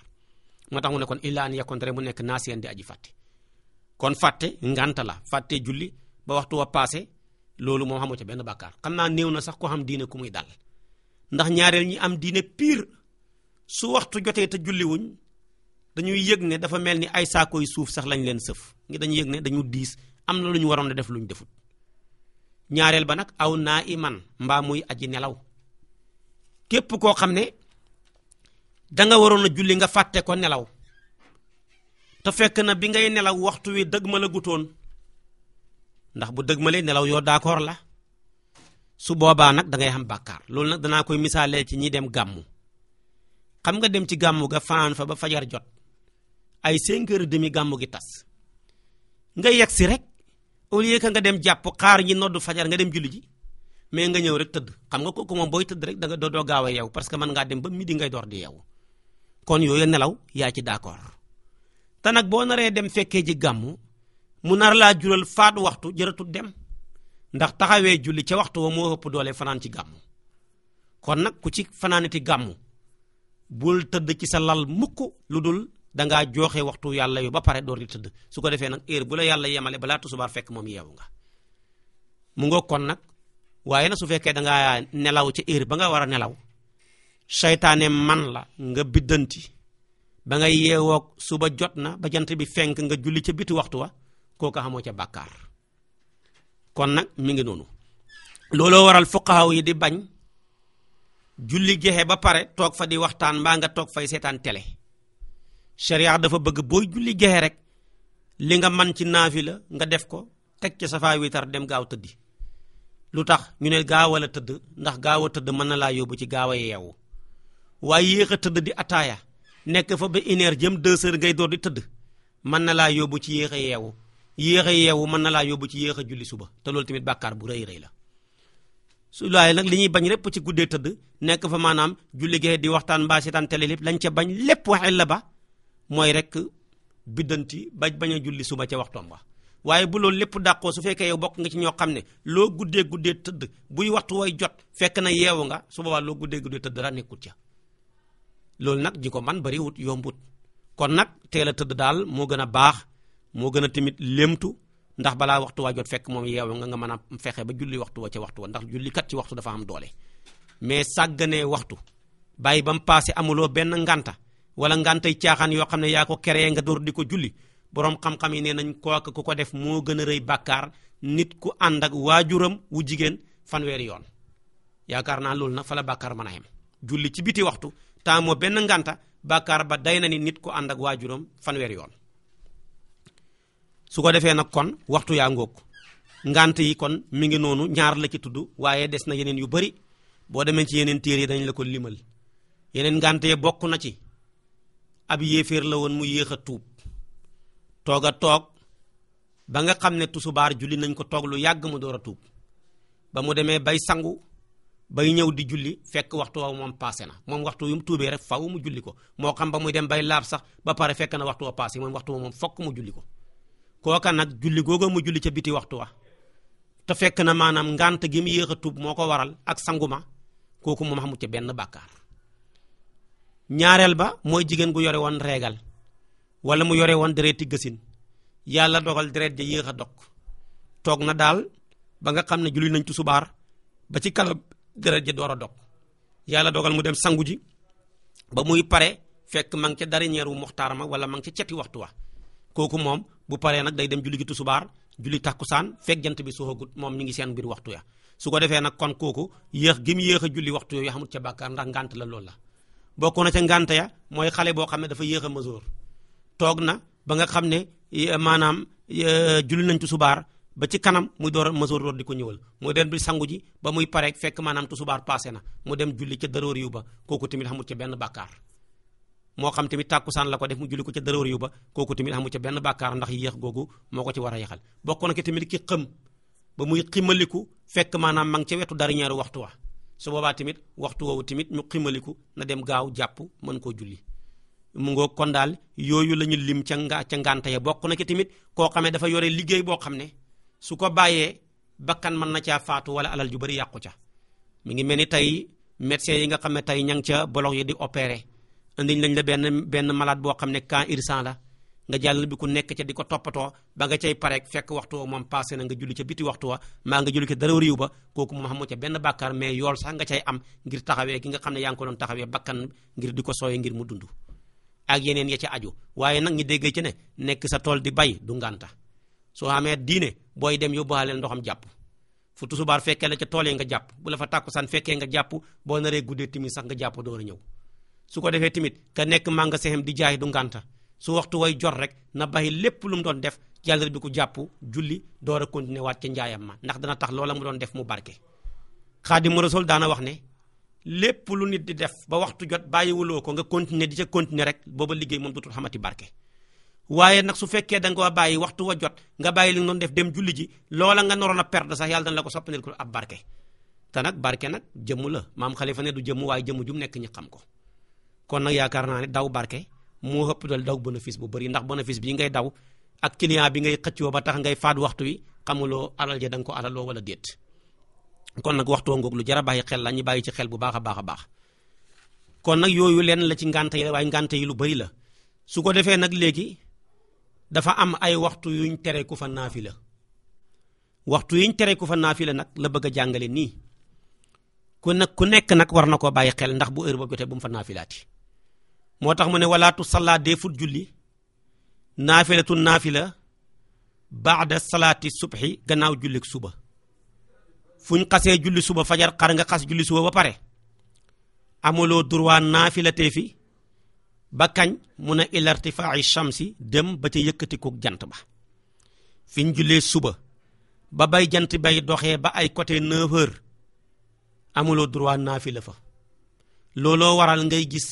Speaker 1: moo tax mu ne kon illaa an yakun mu nekk naasiyan di aji fàtte kon fàtte nganta la fàtte julli ba waxtu wa passé loolu moom amoo ca benn bàkkaar xam naa néew na sax ko xam diine ku muy dal ndax ñaareel ñi am diine pire su waxtu jotee te julliwuñ dañuy yëg ne dafa mel ni ay saakooy suuf sax lañ leen sëf ngi dañuy yëg ne dañu diis am na lu ñu waroon a def lu ñu defut ñaareel ba nag aw naa iman mbaa muy aji nelaw képp koo xam ne danga waroon a julli nga fàtte ko nelaw te fekk na bi ngay nelaw waxtu wi dëgg ma la gutoon ndax bu dëgg ma lee nelaw yoo d'accord la su boobaa nag da ngay xam bàkkaar loolu nag danaa koy misaalee ci ñi dem gàmmu xam nga dem ci gàmmu ga fanaan fa ba fajar jot ay 5 heures demi gàmmu gi tas nga yegg si rek au lieu que nga dem jàpp xaar ñi noddu fajar nga dem julli ji mais nga ñëw rek tëdd xam nga kooku moom booy tëdd rek da nga doo doo gaaw a yeewu parce que mën ngaa dem ba midi ngay door di yeewu kon yooyu nelaw yaa ci d'accord te nag boo naree dem fekkee ji gàmmu mu nar laa jural faatu waxtu jërëtul dem. ndax taxawee julli ca waxtu wa moo ëpp doole fanaan ci gàmmu kon nag ku ci fanaanati gàmmu bul tëdd ci sa lal mukk lu dul dangaa jooxe waxtu yàlla yu ba pare door di tëdd su ko defee nag heure bu la yàlla yemale balaa tusubaar fekk moom yeewu nga mu ngoo kon nag waaye nag su fekkee dangaa nelaw ca heure ba nga war a nelaw seytaane man la nga biddanti ba nga yeewoog suba jot na ba jant bi fenk nga julli ca biti waxtu wa kooka xamoo ca bàkkaar kon nag mu ngi noonu looloo waral fuqahaw yi di bañ julli jeexe ba pare toog fa di waxtaan mbaa nga toog fay seetaan télé sharia dafa bëgg booy julli jeexe rek li nga man ci naafi la nga def ko teg ci safaa witar dem gaaw tëddi lu tax ñu ne gaaw a tëdd ndax gaaw a tëdd mën na laa yóbbu ci gaaw a yeewu waaye yéex a tëdd di ataaya nekk fa ba une heure jëm deux ngay door di tëdd mën na laa yóbbu ci yéex a yeewu yéex a yeewu mën na laa yóbbu ci yéex a julli suba te loolu tamit bàkkaar bu rëy rëy la su laaye nag li ñuy bañ lépp ci guddee tëdd nekk fa maanaam julli gee di waxtaan mbaa seetaan télé lépp lañ ca bañ lépp waxee la ba mooy rek biddanti ba bañ a julli suba ca waxtoom ba waaye bu loolu lépp dàqoo su fekkee yow bokk nga ci ñoo xam ne loo guddee guddee tëdd buy waxtu way jot fekk na yeewu nga su boobaa loo guddee guddee tëdd dara nekkul ca loolu nag ji ko man bariwut yombut kon nag teel tëdd daal moo gën a baax moo gën a tamit lémtu ndax balaa waxtu waa jot fekk moom yeewu nga nga mën a fexe ba julli waxtu wa ca waxtu wa ndax julli kat ci waxtu dafa am doole mais sàgganee waxtu bàyyi ba mu paase amuloo benn nganta wala ngantay caaxaan yoo xam ne yaa ko keree nga door di ko julli borom xam yi nee nañ kooku ku ko def moo gën a rëy bàkkaar nit ku ànd ak waajuram wu jigéen fanweeri yoon yaakaar naa loolu nag fa la bàkkaar mën a yem julli ci biti waxtu temps benn nganta bàkkaar ba day na ni nit ku ànd ak waajuram fanweeri yoon su ko defee nag kon waxtu yaa ngóog ngant yi kon mi ngi noonu ñaar la ci tudd waaye des na yeneen yu bari boo demee ci yeneen téere yi dañ la ko limal yeneen ngante yi bokk na ci ab yéeféer la woon mu yéex a tuub toog a toog ba nga xam ne tusubaar julli nañ ko toog lu yàgg mu door a tuub ba mu demee bay sangu bay ñëw di julli fekk waxtu wa moom passé na moom waxtu yu mu tuubee rek faw mu julli ko moo xam ba muy dem bay laab sax ba pare fekk na waxtu wa passé waxtu wa moom fokk mu julli ko kooka nag julli googa mu julli ca biti waxtu wa te fekk na maanaam ngant gi mu yéex a tub moo ko waral ak sanguma kooku moom xamu ca benn bàkkaar ñaareel ba mooy jigéen gu yore woon reegal wala mu yore woon dereti gësin yàlla dogal deret ja yéex a dog toog na daal ba nga xam ne julli nañ ci subaar ba ci kala deret ja door a dog yàlla dogal mu dem sangu ji ba muy pare fekk ma ngi ca dernier wu moxtaar ma wala ma ngi ca ceti waxtu wa kooku moom bu paree nag day dem julli gi tusubaar julli takkusaan fekk jant bi soxagut moom mi ngi seen biir waxtu ya su ko defee nag kon kooku yéex gi mu a julli waxtu yooyu xamul ca bàkkaar ndax ngànt la loolu la bokk na ca ngànt ya mooy xale boo xam ne dafa yéex a masoor toog na ba nga xam ne eh, maanaam eh, julli nañ tusubaar ba ci kanam muy door a masoor door di ko ñëwal mu dem bi sangu ji ba muy pareeg fekk maanaam tusubaar passé na mu dem julli ca daroor yu ba kooku tamit xamul ca benn bàkkaar moo xam tamit saan la ko def mu julli ko ca dërëwër yu ba kooku tamit amu ca benn bàkkaar ndax yéex googu moo ko ci war a yéexal bokk na ki tamit ki xëm ba muy ximaliku fekk maanaam ma ngi ca wetu dara ñaari waxtu wa su boobaa tamit waxtu woowu tamit ñu ximaliku na dem gaaw jàpp mën koo julli mu ngoo kon daal yooyu la ñu lim ca nga ca ngante ya bokk na ki tamit koo xamee dafa yore liggéey boo xam ne su ko bàyyee bakkan mën na caa faatu wala alal ju bari yàqu ca mu ngi mel ni tey médecin yi xam ne tey ña ngi ca bolog yi di opérer andiñ lañ la benn benn malade boo xam ne cas urgent la nga jàllal bi ku nekk ca di ko toppatoo ba nga cay fekk waxtu wa moom passé na nga julli ca biti waxtu wa maa nga julli dara riiw ba kooku mu xamu ca benn bàkkaar mais yool sax nga cay am ngir taxawee nga xam ne yaa ngi ko doon taxawee bakkan ngir di ko sooyee ngir mu dund ak yeneen ya ca aju waaye nag ñu déggee ci ne nekk sa tool di bay du nganta soo amee diine booy dem yóbbaaleel ndoxam jàpp fu tusubaar fekkee la ca tool yi nga jàpp bu la fa tàkkusaan fekkee nga jàpp boo naree guddee timis sax nga jàpp door ñëw su ko defee tamit ka nekk magasin di jaay du ngànta su waxtu way jot rek na bàyyi lépp lu mu doon def jàllale bi ko jàpp julli door a continuer waat ca njaayam ma ndax dana tax loola mu doon def mu barke. Xaadimu Rasuul daana wax ne lépp lu nit di def ba waxtu jot bàyyiwuloo ko nga continuer di ca continuer rek booba liggéey moom dutul xamati barke. waaye nag su fekkee da nga bàyyi waxtu wa jot nga bàyyi li nga doon def dem julli ji loola nga naroon a perdre sax yàlla dana la ko soppineel ab barke. te nag barke nag jëmm la maam Xalifa du jëmm jëmm ju mu nekk ñi xam ko. kon nag yaakaar naa ne daw barke moo ëpp dal daw bénéfice bu bari ndax bénéfice bii ngay daw ak client bi ngay xëccoo ba tax ngay faat waxtu yi xamuloo alal ja da ko alaloo wala déet kon nag waxtu ngoog lu jar a bàyyi xel la ñu bàyyi ci xel bu baax a baax baax kon nag yooyu lenn la ci ngante yi waaye ngante yi lu bëri la su ko defee nag léegi dafa am ay waxtu yuñ tere ku fa la waxtu yuñ tere ku fa naafi la nag la bëgg jàngale nii ku nag ku nekk nag war na koo bàyyi xel ndax bu heure ba jotee bu mu fa naafilaati moo tax mu ne walaatu salla deful julli naafilatu naafila baada salaati subhi gannaaw jullik suba fuñ ñu xasee julli suba fajar xar nga xas julli suba ba pare amuloo droit naafilatee fi ba mun a ila irtifaa'i shamsi dem ba ca yëkkatikook jant ba fi ñu suba ba bay jant bay doxee ba ay côté 9 heures amuloo droit naafila fa looloo waral ngay gis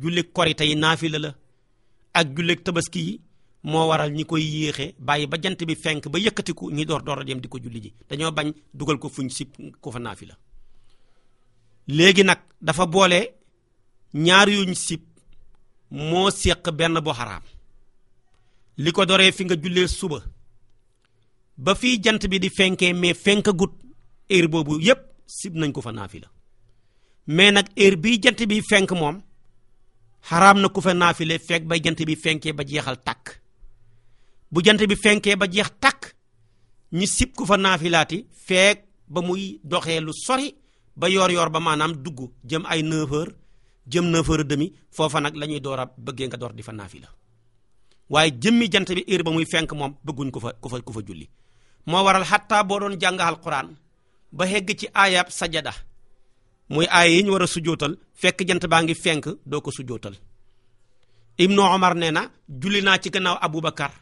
Speaker 1: julleg korite tey naafila la ak julleg tabaski yi moo waral ñi koy yéexe bàyyi ba jant bi fenk ba yëkkatiku ñi door door a dem di ko julli ji dañoo bañ dugal ko fu fuñ sib ko fa naafila léegi nag dafa boole ñaar yuñ sib moo séq benn bu xaraam li ko doree fi nga jullee suba ba fii jant bi di fenkee mais fenk gut heure boobu yépp sib nañ ko fa naafila mais nag heure bi jant bi fenk moom xaraam na ku fa naafile fekk bay jant bi fenkee ba jeexal tàkk bu jant bi fenkee ba jeex takk ñi sib ku fa naafilaati fekk ba muy doxee lu sori ba yoor yor ba maanaam dugg jëm ay 9h jëm 9h30 foofa nag la ñuy door a bëggee nga door di fa naafila waaye jëmmi jant bi heure ba muy fenk moom bëgguñ ko fa ku fa ku fa julli moo waral xattaa boo doon jàng alquran ba xegg ci ayab sajada muy aay yi ñu war a sujootal fekk jant baa ngi fenk doo ko sujootal ibnu omar nee na julli naa ci gannaaw abubakar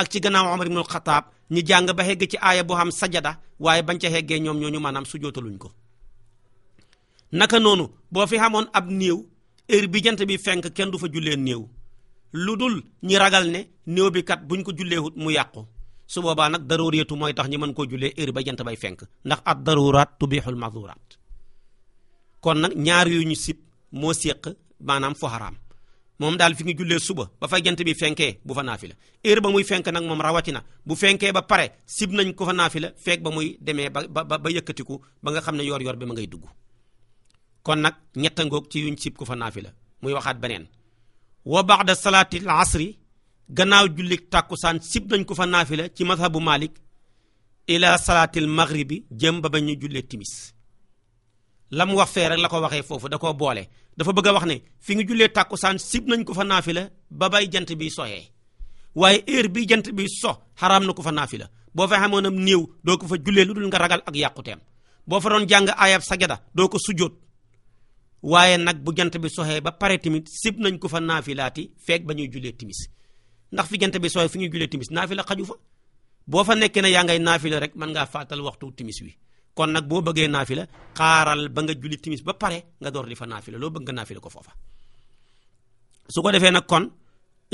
Speaker 1: ak ci gannaaw omar ibnul xataab ñi jàng ba xegg ci aaye boo xam sajada waaye bañ ca xeggee ñoom ñooñu maanaam sujootaluñ ko naka noonu boo fi xamoon ab néew heure bi jant bi fenk kenn du fa jullee néew lu dul ñi ragal ne néew bi kat buñ ko julleewut mu yàqu su boobaa nag daruuriyatu mooy tax ñi mën koo jullee heure ba jant bay fenk ndax ad daruuraat tubixul mahduuraat kon nag ñaar yu ñu sib moo séq maanaam fu xaraam moom daal fi ngi jullee suba ba fa jant bi fenkee bu fa naafila heure ba muy fenk nag moom rawatina bu fenkee ba pare sib nañ ko fa naafila feek ba muy demee ba ba ba yëkkatiku ba nga xam ne yoor yor bi ma ngay dugg kon nag ñetta ngoog ci yuñ sib ko fa naafila muy waxaat beneen wa ba'da salaatil asri gannaaw jullik tàkkusaan sib nañ ko fa naafila ci mazhabu malik ila salaatil maghribi jëm ba ba ñu jullee timis la mu wax fee rek la ko waxee foofu da koo boole dafa bëgg a wax ne fi nga jullee tàkkusaan sib nañ ko fa naafila ba bay jant bi soxee waaye heure bi jant bi so xaraam na ko fa naafila boo fa xamoon am néew doo ko fa jullee lu dul nga ragal ak yàquteem boo fa doon jàng ayab sajada doo ko sujjóot waaye nag bu jant bi soxee ba pare tamit sib nañ ko fa naafilaati feek ba ñuy jullee timis ndax fi jant bi soxee fi ñuy jullee timis naafila xaju fa boo fa nekkee ne yaa ngay naafila rek mën ngaa fàttal waxtu timis wi kon nag boo bëggee naafila xaaral ba nga julli timis ba pare nga door di fa naafila loo bëgg nga naafila ko foofa su ko defee nag kon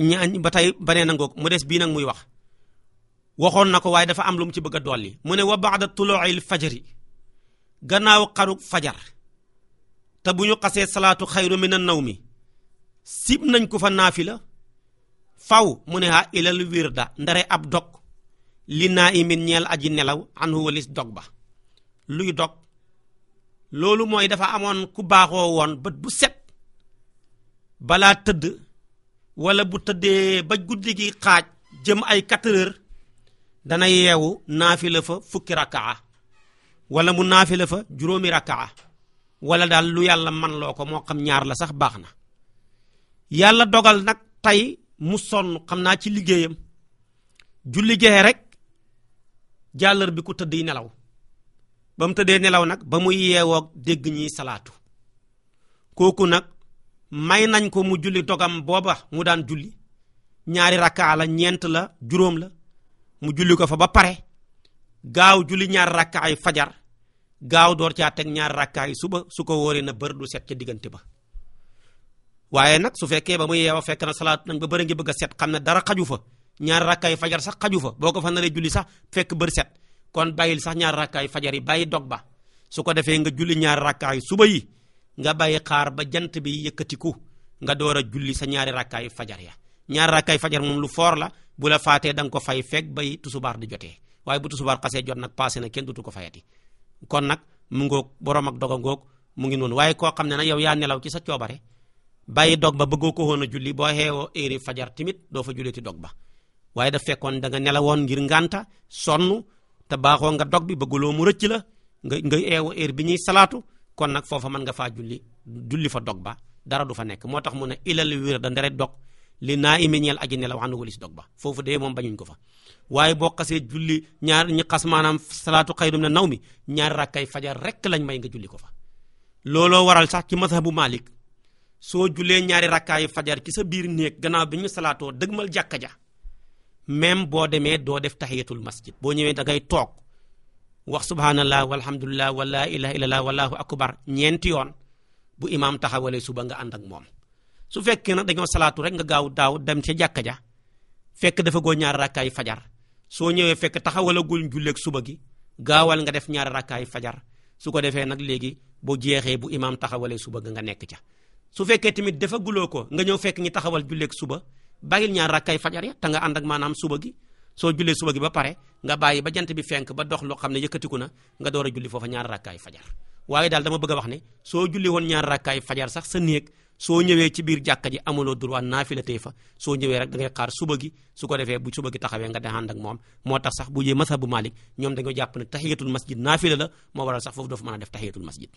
Speaker 1: ñaañ ba tey banee nangoog mu des bii nag muy wax waxoon na ko waaye dafa am lu mu ci bëgg a dolli mu ne wa ba'da tulu'il fajri gannaaw xaruk fajar te bu ñu xasee salaatu xayru minan mi sib nañ ko fa naafila faw mu ne ha ilal wirda ndare ab dog li naa imin ñeel yi nelaw anhu walis dog ba luy dog loolu mooy dafa amoon ku baaxoo woon bët bu set balaa tëdd wala bu tëddee ba guddi gi xaaj jëm ay 4 heures dana yeewu naafila fa fukki rakkaa wala mu naafila fa juróomi rakkaa wala daal lu yàlla man ko moo xam ñaar la sax baax na yàlla dogal nag tey mu sonn xam naa ci liggéeyam julli gexe rekk jàllar bi ku tëdd nelaw ba mu tëddee nelaw nag ba mu yeewoog dégg ñi salaatu kooku nag may nañ ko mu julli dogam booba mu daan julli ñaari rakkaa la ñeent la juróom la mu julli ko fa ba pare gaaw julli ñaari rakkaa fajar gaaw door caa teg ñaari rakkaa yi suba su ko wóoree na bër du set ca diggante ba waaye nag su fekkee ba mu yeewa fekk na salaatu nañ ba bëri ngi bëgg a set xam ne dara xaju fa ñaari rakkaa yi fajar sax xaju fa boo ko fa naree julli sax fekk bër set kon bàyyil sax ñaar rakkaay fajar yi bàyyi dog ba su ko defee nga julli ñaar rakkaay suba yi nga bàyyi xaar ba jant bi yëkkatiku nga door a julli sa ñaari rakkaay fajar ya ñaar rakkaay fajar moom lu foor la bu la faatee da nga ko fay fekk bay tusubaar di jotee waaye bu tusubaar xasee jot nag passé na kenn dutu ko fayati kon nag mu ngoog borom ak doga ngoog mu ngi noonu waaye koo xam ne nag yow yaa nelaw ci sa coobare bàyyi dog ba bëggoo ko woon a julli boo xeewoo heure fajar timit doo fa julliti dog ba waaye da fekkoon da nga nelawoon ngir ngànta sonn te baaxoo nga dog bi bëgguloo mu rëcc la nga nga eewu heure bi ñuy salaatu kon nag foofa mën nga faa julli julli fa dog ba dara du fa nekk moo tax mu ne ilal wér da ndere dog li naa imi ñeel aji nelaw xanu walis dog ba foofu dee moom bañuñ ko fa waaye boo xasee julli ñaar ñi xas maanaam salaatu xayrun mina nawmi ñaari rakkay fajar rek lañ may nga julli ko fa looloo waral sax ci mazhabu Malik soo jullee ñaari rakkaayu fajar ci sa biir néeg gannaaw bi ñu salaatoo dëgg mal jàkka ja même boo demee doo def tahiyatul masjid boo ñëwee da ngay toog wax subhanallah walhamdulillah wala ilaha illallah wallahu akbar ñeenti yoon bu imaam taxawalee suba nga ànd ak moom su fekkee nag dañoo salaatu rek nga gaaw daaw dem ca jàkka ja fekk dafa goo ñaari rakkaay fajar soo ñëwee fekk taxawalagul julleeg suba gi gaawal nga def ñaari rakkaay fajar su ko defee nag léegi boo jeexee bu imaam taxawalee suba ga nga nekk ca su fekkee tamit dafa guloo ko nga ñëw fekk ñi taxawal julleeg suba bàyyil ñaar rakkay fajar ya te nga ànd ak maanaam suba gi soo jullee suba gi ba pare nga bàyyi ba jant bi fenk ba dox loo xam ne ko na nga door a julli foofa ñaar rakkaay fajar waaye daal dama bëgg a wax ne soo julli woon ñaar rakkaay fajar sax sa néeg soo ñëwee ci biir jàkka ji amuloo droit naafila tey fa soo ñëwee rek danga ngay xaar suba gi su ko defee bu suba gi taxawee nga dexand ak moom moo tax sax bu jee mazhabu Malik ñoom dañoo jàpp ne tahiyatul masjid naafila la moo waral sax foofu dafa mën a def tahiyatul masjid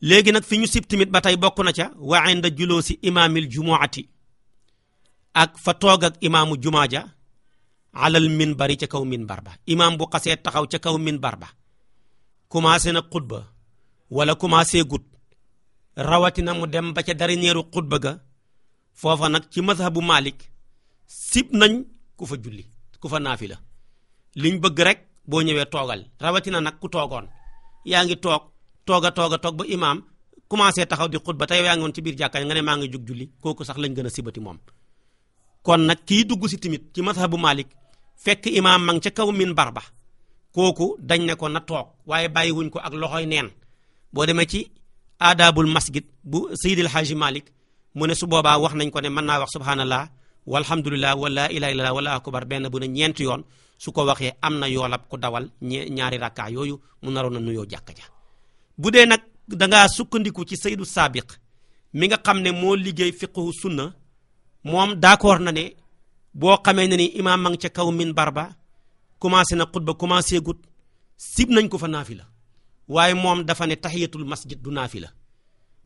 Speaker 1: léegi nag fi ñu sib ba tey bokk na ca wa inda juloo si imaamil jumuati ak fa toog ak imaamu jumaa ja alal bari ca kaw minbar ba imaam bu xasee taxaw ca kaw minbar ba commencé na xutba wala commencé gut rawatina mu dem ba ca dernier xutba ga foofa nag ci mazhabu Malik sib nañ ku fa julli ku fa naafi la liñ bëgg rek boo ñëwee toogal rawatina nag ku toogoon yaa ngi toog tooga tooga toog ba imaam commencé taxaw di xutba tey yaa ngi woon ci biir jàkkañ nga ne maa ngi jug julli kooku sax lañ gën a sibati moom kon nag kii dugg si tamit ci mazhabu Malik fekk imaam ma ngi ca kaw min barba kooku dañ ne ko na toog waaye bàyyiwuñ ko ak loxoy neen boo demee ci aadaabul masjid bu Seydil Hadji Malick mu ne su boobaa wax nañ ko ne mën naa wax subhanallah walhamdulillah wala ilaha illallah wala akbar benn bu ne ñeent yoon su ko waxee am na yoolab ku dawal ñaari rakka yooyu mu naroon a nuyoo jàkka ja bu dee nag dangaa sukkandiku ci Seydu Saabiq mi nga xam ne moo liggéey fiqhu sunna moom d'accord na ne boo xamee ne ni imaam ma ngi ca kaw minbar ba commencé na xutba commencé gut sib nañ ko fa naafila waaye moom dafa ne tahiyatul masjid du naafila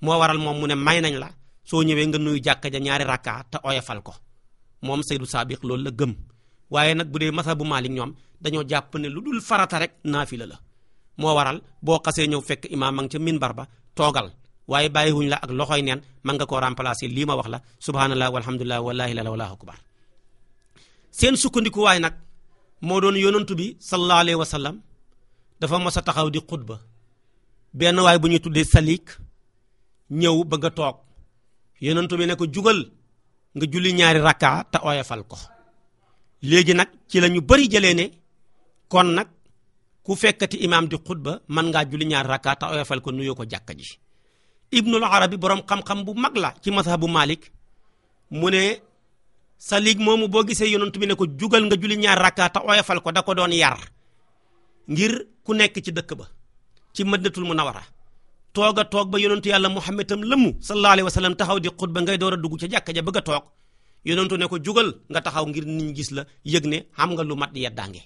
Speaker 1: moo waral moom mu ne may nañ la soo ñëwee nga nuyu jàkka ja ñaari rakka te oyofal ko moom Seydou Sabiq loolu la gëm waaye nag bu dee masa bu Maalik ñoom dañoo jàpp ne lu dul farata rek naafila la moo waral boo xasee ñëw fekk imaam ma ngi ca minbar ba toogal waaye bàyyiwuñ la ak loxoy neen mën nga koo remplacer lii ma wax la subhanallah walhamdulillah wallahi la wallahu akbar seen sukkandikuwaay nag moo doon yonantu bi sallallahu alayhi wa sallam dafa mos a taxaw di xutba benn waay bu ñuy tuddee salik ñëw bëgg a toog yonantu bi ne jugal nga julli ñaari rakka te oyofal ko léegi nag ci la ñu bari jëlee ne kon nag ku fekkati imaam di xutba mën ngaa julli ñaari rakka te oyofal ko nuyoo ko jàkka ji ibnul arabi boroom xam-xam bu mag la ci mazhabu malik mu ne saliig moomu boo gisee yonent bi ne ko jugal nga julli ñaar rakkaat te oyofal ko da ko doon yar ngir ku nekk ci dëkk ba ci mën madinatul munawara toog a toog ba yonentu yàlla muhammad tam lëmmu sallallahu alayhi wa sallam taxaw di ba ngay door dugg ca jàkka ja bëgga toog yonentu ne ko jugal nga taxaw ngir nit gis la yëg ne xam nga lu mat yeddaange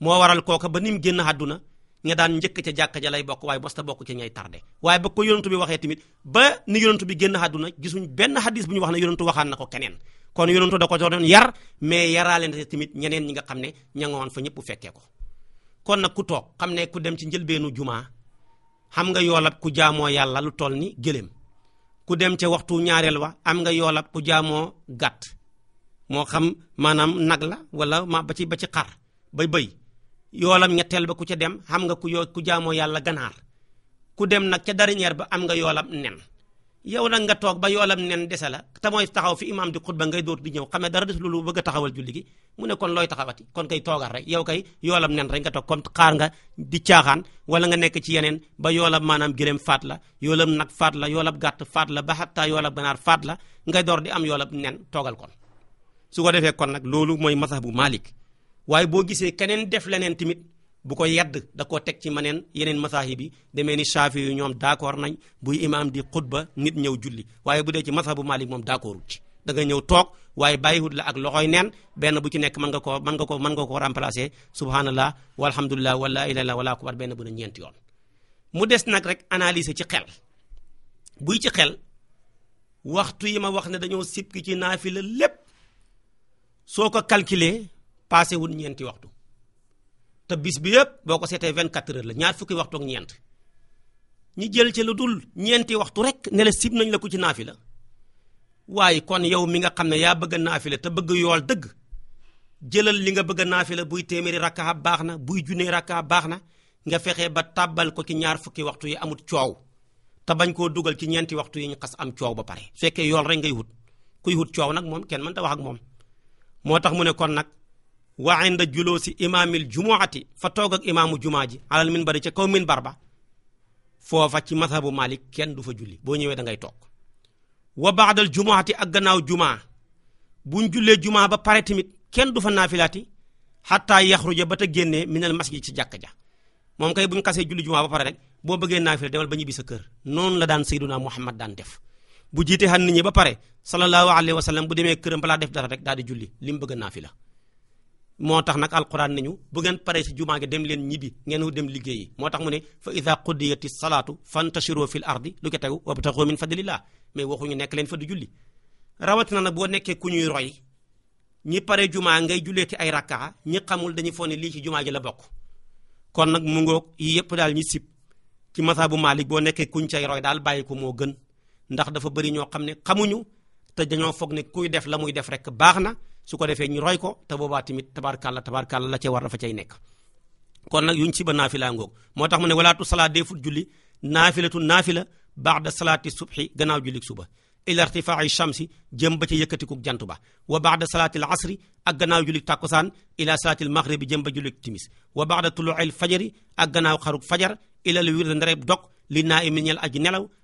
Speaker 1: moo waral kooka ba ni mu génn àdduna ña daan njëkk ca jàkka ja lay bokk waaye bosta bokk ca ñay tardé waaye ba ko yonentu bi waxee tamit ba ni yonentu bi génn àdduna gisuñ benn hadis bu ñu wax ne yonentu waxaan na ko keneen kon yonentu da ko doon yar mais yaraale na tamit ñeneen ñi nga xam ne ña nga woon fa ñëpp fekkee ko kon nag ku toog xam ne ku dem ci njëlbeenu jumaa xam nga yoolab ku jaamoo yàlla lu toll ni gëléem ku dem ca waxtu ñaareel wa am nga yoolab ku jaamoo gàtt moo xam maanaam nag la wala ma ba ci ba ci xar bay bay yoolam ñetteel ba ku ca dem xam nga ku yoo ku jaamoo yàlla ganaar ku dem nag ca dernier ba am nga yoolam nen yow nag nga toog ba yoolam nen dese la te mooy taxaw fi imaam di xutba ngay door di ñëw xam ne dara des loolu bëgg a taxawal julli gi mu ne kon looy taxawati kon kay toogal rek yow kay yoolam nen rek nga toog comme xaar nga di caaxaan wala nga nekk ci yeneen ba yoolam maanaam gëléem faat la yoolam nag faat la yoolab gàtt faat la ba xatta yoolab faat la ngay door di am yoolab toogal kon su ko defee kon nag loolu mooy mazhabu Malik waaye boo gisee keneen def leneen tamit bu ko yedd da koo teg ci maneen yeneen masaahib yi demee ni Shaafi ñoom d'accord nañ buy imaam di xutba nit ñëw julli waaye bu dee ci masahabu Maalik moom d'accordul ci da ñëw toog waaye bàyyiwut la ak loxoy neen benn bu ci nekk mën nga koo mën nga ko mën nga koo remplacer subhanallah walhamdulillah wala ilala wala kubar benn bu ne ñeenti yoon mu des nag rek analyser ci xel buy ci xel waxtu yi ma wax ne dañoo sib ki ci naafila lépp soo ko calculer passé wul ñeenti waxtu te bis bi yëpp boo ko seetee 24 heures la ñaar fukki waxtu ak ñeent ñi jël ci lu dul ñeenti waxtu rek ne la sib nañ la ko ci la waaye kon yow mi nga xam ne yaa bëgg a naafila te bëgg yool dëgg jëlal li nga bëgg a la buy téeméeri rakkaa baax na buy junnee rakkaa baax na nga fexe ba tàbbal ko ci ñaar fukki waxtu yi amut coow te bañ koo dugal ci ñeenti waxtu yi ñu xas am coow ba pare. fekkee yool rek ngay wut kuy wut coow nag moom kenn mën ta wax ak moom moo tax mu ne kon nag wa inda juloosi imaamil jumuati fa toog ak imaamu jumaa ji alal minbari ca kaw minbar ba foofa ci mazhabu malik kenn du fa julli boo ñëwee da ngay toog wa baadal jumuati ak gannaaw jumaa buñ jullee jumaa ba pare tamit kenn du fa naafilaati xataa yaxruja ba te génnee minal masjid ci jàkka ja moom kay buñ xasee julli jumaa ba pare rek boo bëggee naafila demal ba ñibbi sa kër noonu la daan sayyiduna muhammad daan def bu jiite xan nit ñi ba pare sallallahu alayhi wa sallam bu demee këram balaa def dara rek daal di julli li mu bëgg naafila moo tax nag alquran nañu bu ngeen paree si jumaa gi dem leen ñibbi ngeen dem liggéeyi moo tax mu ne fa ida qudiyati salaatu fantashiru fil ardi lu ko tegu wabtaxu min fadlillah mais waxuñu nekk leen fa di julli rawatina na boo nekkee ku ñuy roy ñi pare jumaa ngay julleeti ay rakkaa ñi xamul dañuy foog ne lii ci jumaa ji la bokk kon nag mu ngoog yii yëpp daal ñu sib ci masaabu Maalik boo nekkee kuñ cay roy daal bàyyi ko moo gën ndax dafa bëri ñoo xam ne xamuñu te dañoo foog ne kuy def la muy def rek baax na su ko defee ñu roy ko te boobaa tamit tabarkàlla tabarkàlla la ca war dafa cay nekk kon nag yuñ ci ba naafila ngoog moo tax mu ne walaatu salaa deful julli naafilatu naafila ba'da salaati subhi gannaaw julli suba ila irtifaa'i shamsi jëm ba ca yëkkatiku jant ba wa ba'da salaati al asri ak gannaaw julli tàkkusaan ila salaati al maghribi jëm ba julli timis wa ba'da tuluu'il fajri ak gannaaw xaruk fajar ila lu wir la ndareb dog li naa imin ñel aji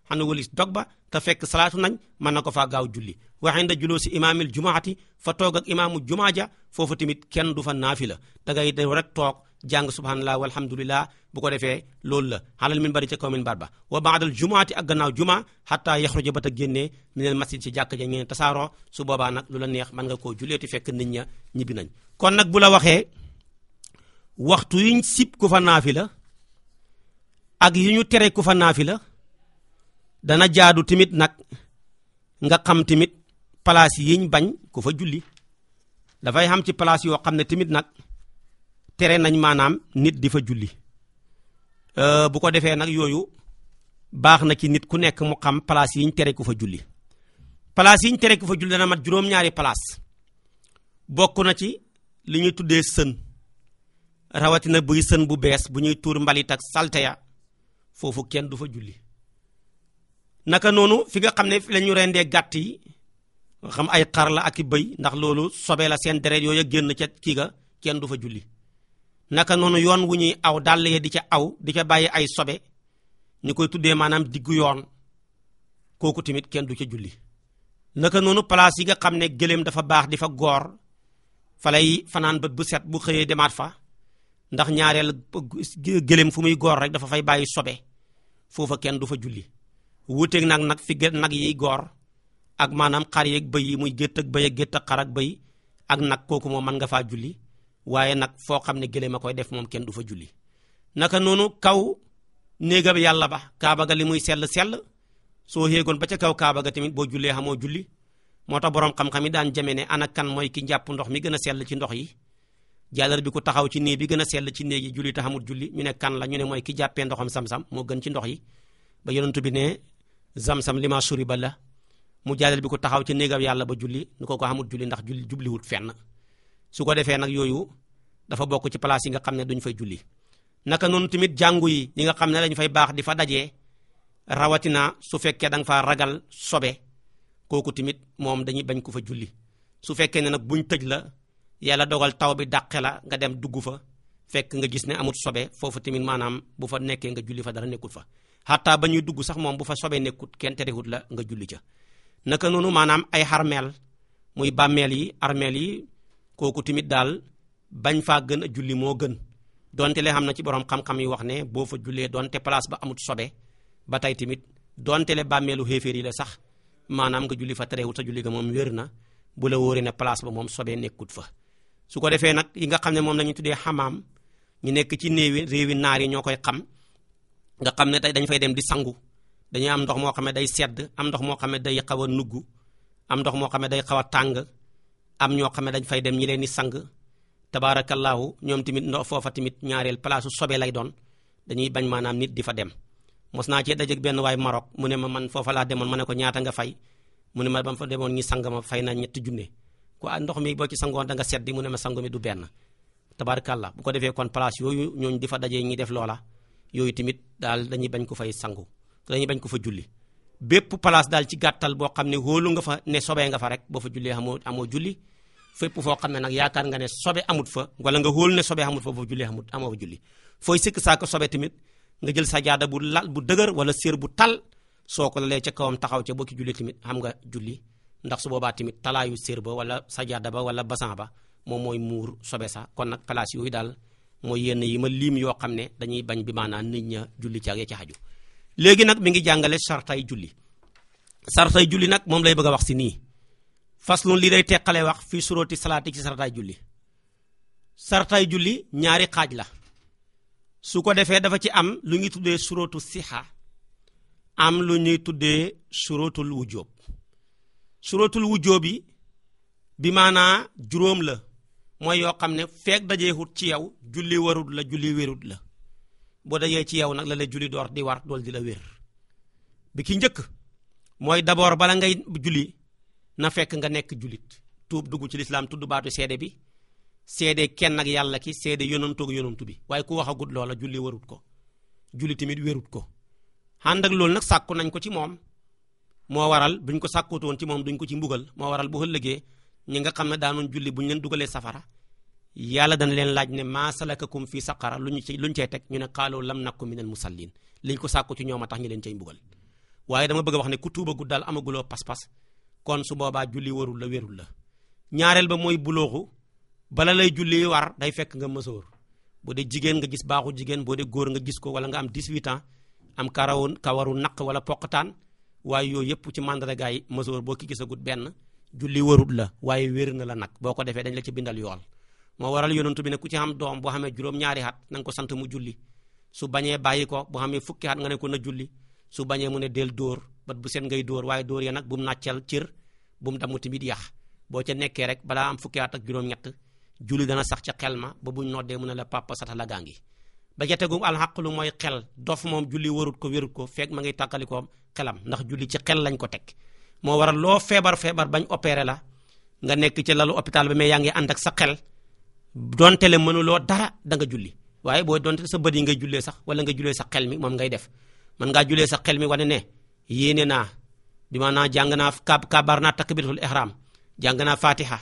Speaker 1: xana walis dog ba te fekk salaatu nañ mën na ko faa gaaw julli waxee nda juloo si imaamil jumaati fa toog ak imaamu jumaa ja foofu tamit kenn du fa naafila da ngay def rek toog jàng subhanallah walhamdulillah bu ko defee loolu la xalal min bari ca kaw min bar ba wa baadal jumaati ak gannaaw juma xataa ja ba ta génnee minel masjid si jàkk ja ngeen tasaaro su boobaa nag lu la neex mën nga koo julleeti fekk nit ña ñibbi nañ kon nag bu la waxee waxtu yiñ sib ku fa naafila ak yi ñu tere ku dana jaadu tamit nag nga xam tamit place yiñ bañ ku fa julli dafay xam ci place yoo xam ne tamit nag tere nañ maanaam nit di fa julli euh, bu ko defee nag yooyu baax na ci nit ku nekk mu xam place yiñ tere ku fa julli place yiñ tere ku fa julli dana mat juróom-ñaari place bokk na ci li ñuy tuddee sën rawatina buy sën bu bees bu ñuy tuur mbalit ak salte ya foofu kenn du fa julli naka noonu fi nga xam ne fi la ñu rendee gàtt yi xam ay xar la ak i bëy ndax loolu sobee la seen deret yooyu génn ca kii ga kenn du fa julli naka noonu yoon wu ñuy aw dàll ya di ca aw di ca bàyyi ay sobe ñu koy tuddee maanaam diggu yoon kooku tamit kenn du ca julli naka noonu place yi nga xam ne gëléem dafa baax di fa goor fa lay fanaan bët bu set bu xëyee demaat fa ndax ñaareel gëléem fu muy goor rek dafa fay bàyyi sobe foofa kenn du fa julli wuuteeg nag nag fi gét nag yiy goor ak maanaam xar yeeg bëy yi muy gétt ak bëy ak gétt ak ak nag kooku moom mën nga faa julli waaye nag foo xam ne gëléem a koy def moom kenn du fa julli naka noonu kaw néegam yàlla ba kaaba ga li muy sell sell soo xéegoon ba ca kaw kaaba ga tamit boo jullee xamoo julli moo tax boroom xam yi daan jame ne ana mooy ki njàpp ndox mi gën sell ci ndox yi jàllar bi ku taxaw ci néeg bi gën a sell ci néeg yi julli taxamut julli ñu ne kan la ñu ne mooy ki jàppee ndoxam sam-sam moo gën ci ndox yi ba yonentu bi ne zamsam li ma suri ba la mu jaadal bi ko taxaw ci néegam yàlla ba julli nu ko ko xamul julli ndax julli jubliwut fenn su ko defee nag yooyu dafa bokk ci place yi nga xam ne duñ fay julli naka noonu tamit jàngu yi yi xam ne dañ fay baax di fa dajee rawatina su fekkee da nga ragal sobe kooku tamit moom dañuy bañ ko fa julli su fekkee ne nag buñ tëj la yàlla dogal taw bi dàqe la nga dem dugg fa fekk nga gis ne amut sobe foofu tamit maanaam bu fa nekkee nga julli fa dara nekkul fa xataa ba ñuy dugg sax moom bu fa sobee nekkut kenn terewut la nga julli ca naka noonu maanaam ay xarmeel muy bàmmeel yi armeel yi kooku tamit daal bañ faa gën a julli moo gën donte le xam na ci borom xam-xam yi wax ne boo fa jullee donte place ba amut sobe ba tey tamit donte le bàmmeelu xéeféer yi la sax maanaam nga julli fa terewut sa julli ga moom wér na bu la wóoree ne place ba moom sobee nekkut fa su ko defee nag yi nga xam ne moom la ñu tuddee xamaam ñu nekk ci néewi yi ñoo koy xam nga xam ne tey dañ fay dem di sangu dañuy am ndox moo xam ne day sedd am ndox moo xam ne day xaw a nugg am ndox moo xam ne day xaw a tàng am ñoo xam ne dañ fay dem ñi leen di sang tabaarakallaahu ñoom timit ndox foofa tamit ñaareel place sobe lay doon dañuy bañ maanaam nit di fa dem mos naa cee dajeeg benn waay Maroc mu ne ma man foofa laa demoon ma ne ko ñaata nga fay mu ne ma ba fa demoon ñi sang ma fay na ñetti junne ku ah, ndox mi boo ci sangoon da nga sedd mu ne ma sangu du benn tabaarakallaa bu ko defee kon place yooyu ñooñu di fa dajee ñi def loola yooyu tamit daal dañuy bañ ko fay sangu dañu bañ ko fa julli bépp place daal ci gàttal boo xam ne wóolu nga fa ne sobee nga fa rek boo fa jullee amoo amoo julli fépp foo xam ne yaakaar nga ne sobe amut fa wala nga wóolu ne sobe amut fa boo jullee amut amoo fa julli fooy sëkk saako sobee tamit nga jël sa jaada bu lal bu dëgër wala séer bu tal soo ko lalee ca kawam taxaw ca bokki julli tamit xam nga julli ndax su boobaa tamit talaayu séer ba wala sa jaada ba wala basan ba moom mooy muur sobe sax kon nag place yooyu daal mooy yenn yi ma liim yoo xam ne dañuy bañ bi maanaam nit ña julli ci ak ya ci xaju léegi nag mi ngi jàngale sartay julli sartay julli nag moom lay bëgg a wax si nii faslun lii day teqale wax fii suróoti salaati ci sartay julli sartay julli ñaari xaaj la su ko defee dafa ci am lu ñuy tuddee suróotu sixa am lu ñuy tuddee suróotul wujjóob suróotul wujjóob yi bi maanaa juróom la mooy yoo xam ne feeg dajeexut ci yow julli warut la julli wérut la boo dajee ci yow nag la la julli door di war dool di la wér bi ki njëkk mooy d'abord bala ngay julli na fekk nga nekk jullit tuub dugg ci lislaam tudd baatu seede bi seede kenn ak yàlla ki seede yonantoog yonantu bi waaye ku waxagut loola julli warut ko julli tamit wérut ko ànd ak loolu nag sàkku nañ ko ci moom moo waral buñ ko sàkkutoon ci moom duñ ko ci mbugal moo waral bu ëllëgee ñi nga xam ne daanoon julli bu ñu leen dugalee safara yàlla dana leen laaj ne maa salakakum fii saqara lu ñu ci lu ñu cey teg ñu ne xaaloo lam nakku minal musallin liñ ko sàkku ci ñoom a tax ñi leen cay mbugal waaye dama bëgg a wax ne ku tuubagul daal amaguloo pas-pas kon su boobaa julli warul la wérul la ñaareel ba mooy bulooxu bala lay julli war day fekk nga mësoor boo dee jigéen nga gis baaxu jigéen boo dee góor nga gis ko wala nga am 18 ans am karawoon kawaru naq wala poqtaan waaye yooyu yëpp ci mandargaay mësoor boo ki gisagut benn julli warut la waaye wér na la nag boo ko defee dañ la ci bindal yool moo waral yonentu bi ne ku ci xam doom boo xamee juróom-ñaari at na nga ko sant mu julli su bañee bàyyi ko boo xamee fukki at nga ne ko na julli su bañee mu ne del dóor bat bu set ngay dóor waaye dóor ya nag bu mu nàccal cër bu mu damu tamit yax boo ca nekkee rek balaa am fukki at ak juróom-ñett julli dana sax ca xel ma ba buñ noddee mu ne la papa sata la gaa ngi ba ca tegum alxaqlu mooy xel dof moom julli warut ko wérut ko fekk ma ngi tàkkalikoom xelam ndax julli ci xel lañ ko teg moo waral loo feebar feebar bañ opéré la nga nekk ci lalu hôpital bi mais yaa ngi ànd sa xel donte le mënuloo dara da nga julli waaye boo donte sa bët yi ngay jullee sax wala nga jullee sa xel mi moom ngay def mën ngaa jullee sa xel mi wane ne yéene naa bi naa jàng naa kab kabaar naa takbiratul ihram jàng naa fatiha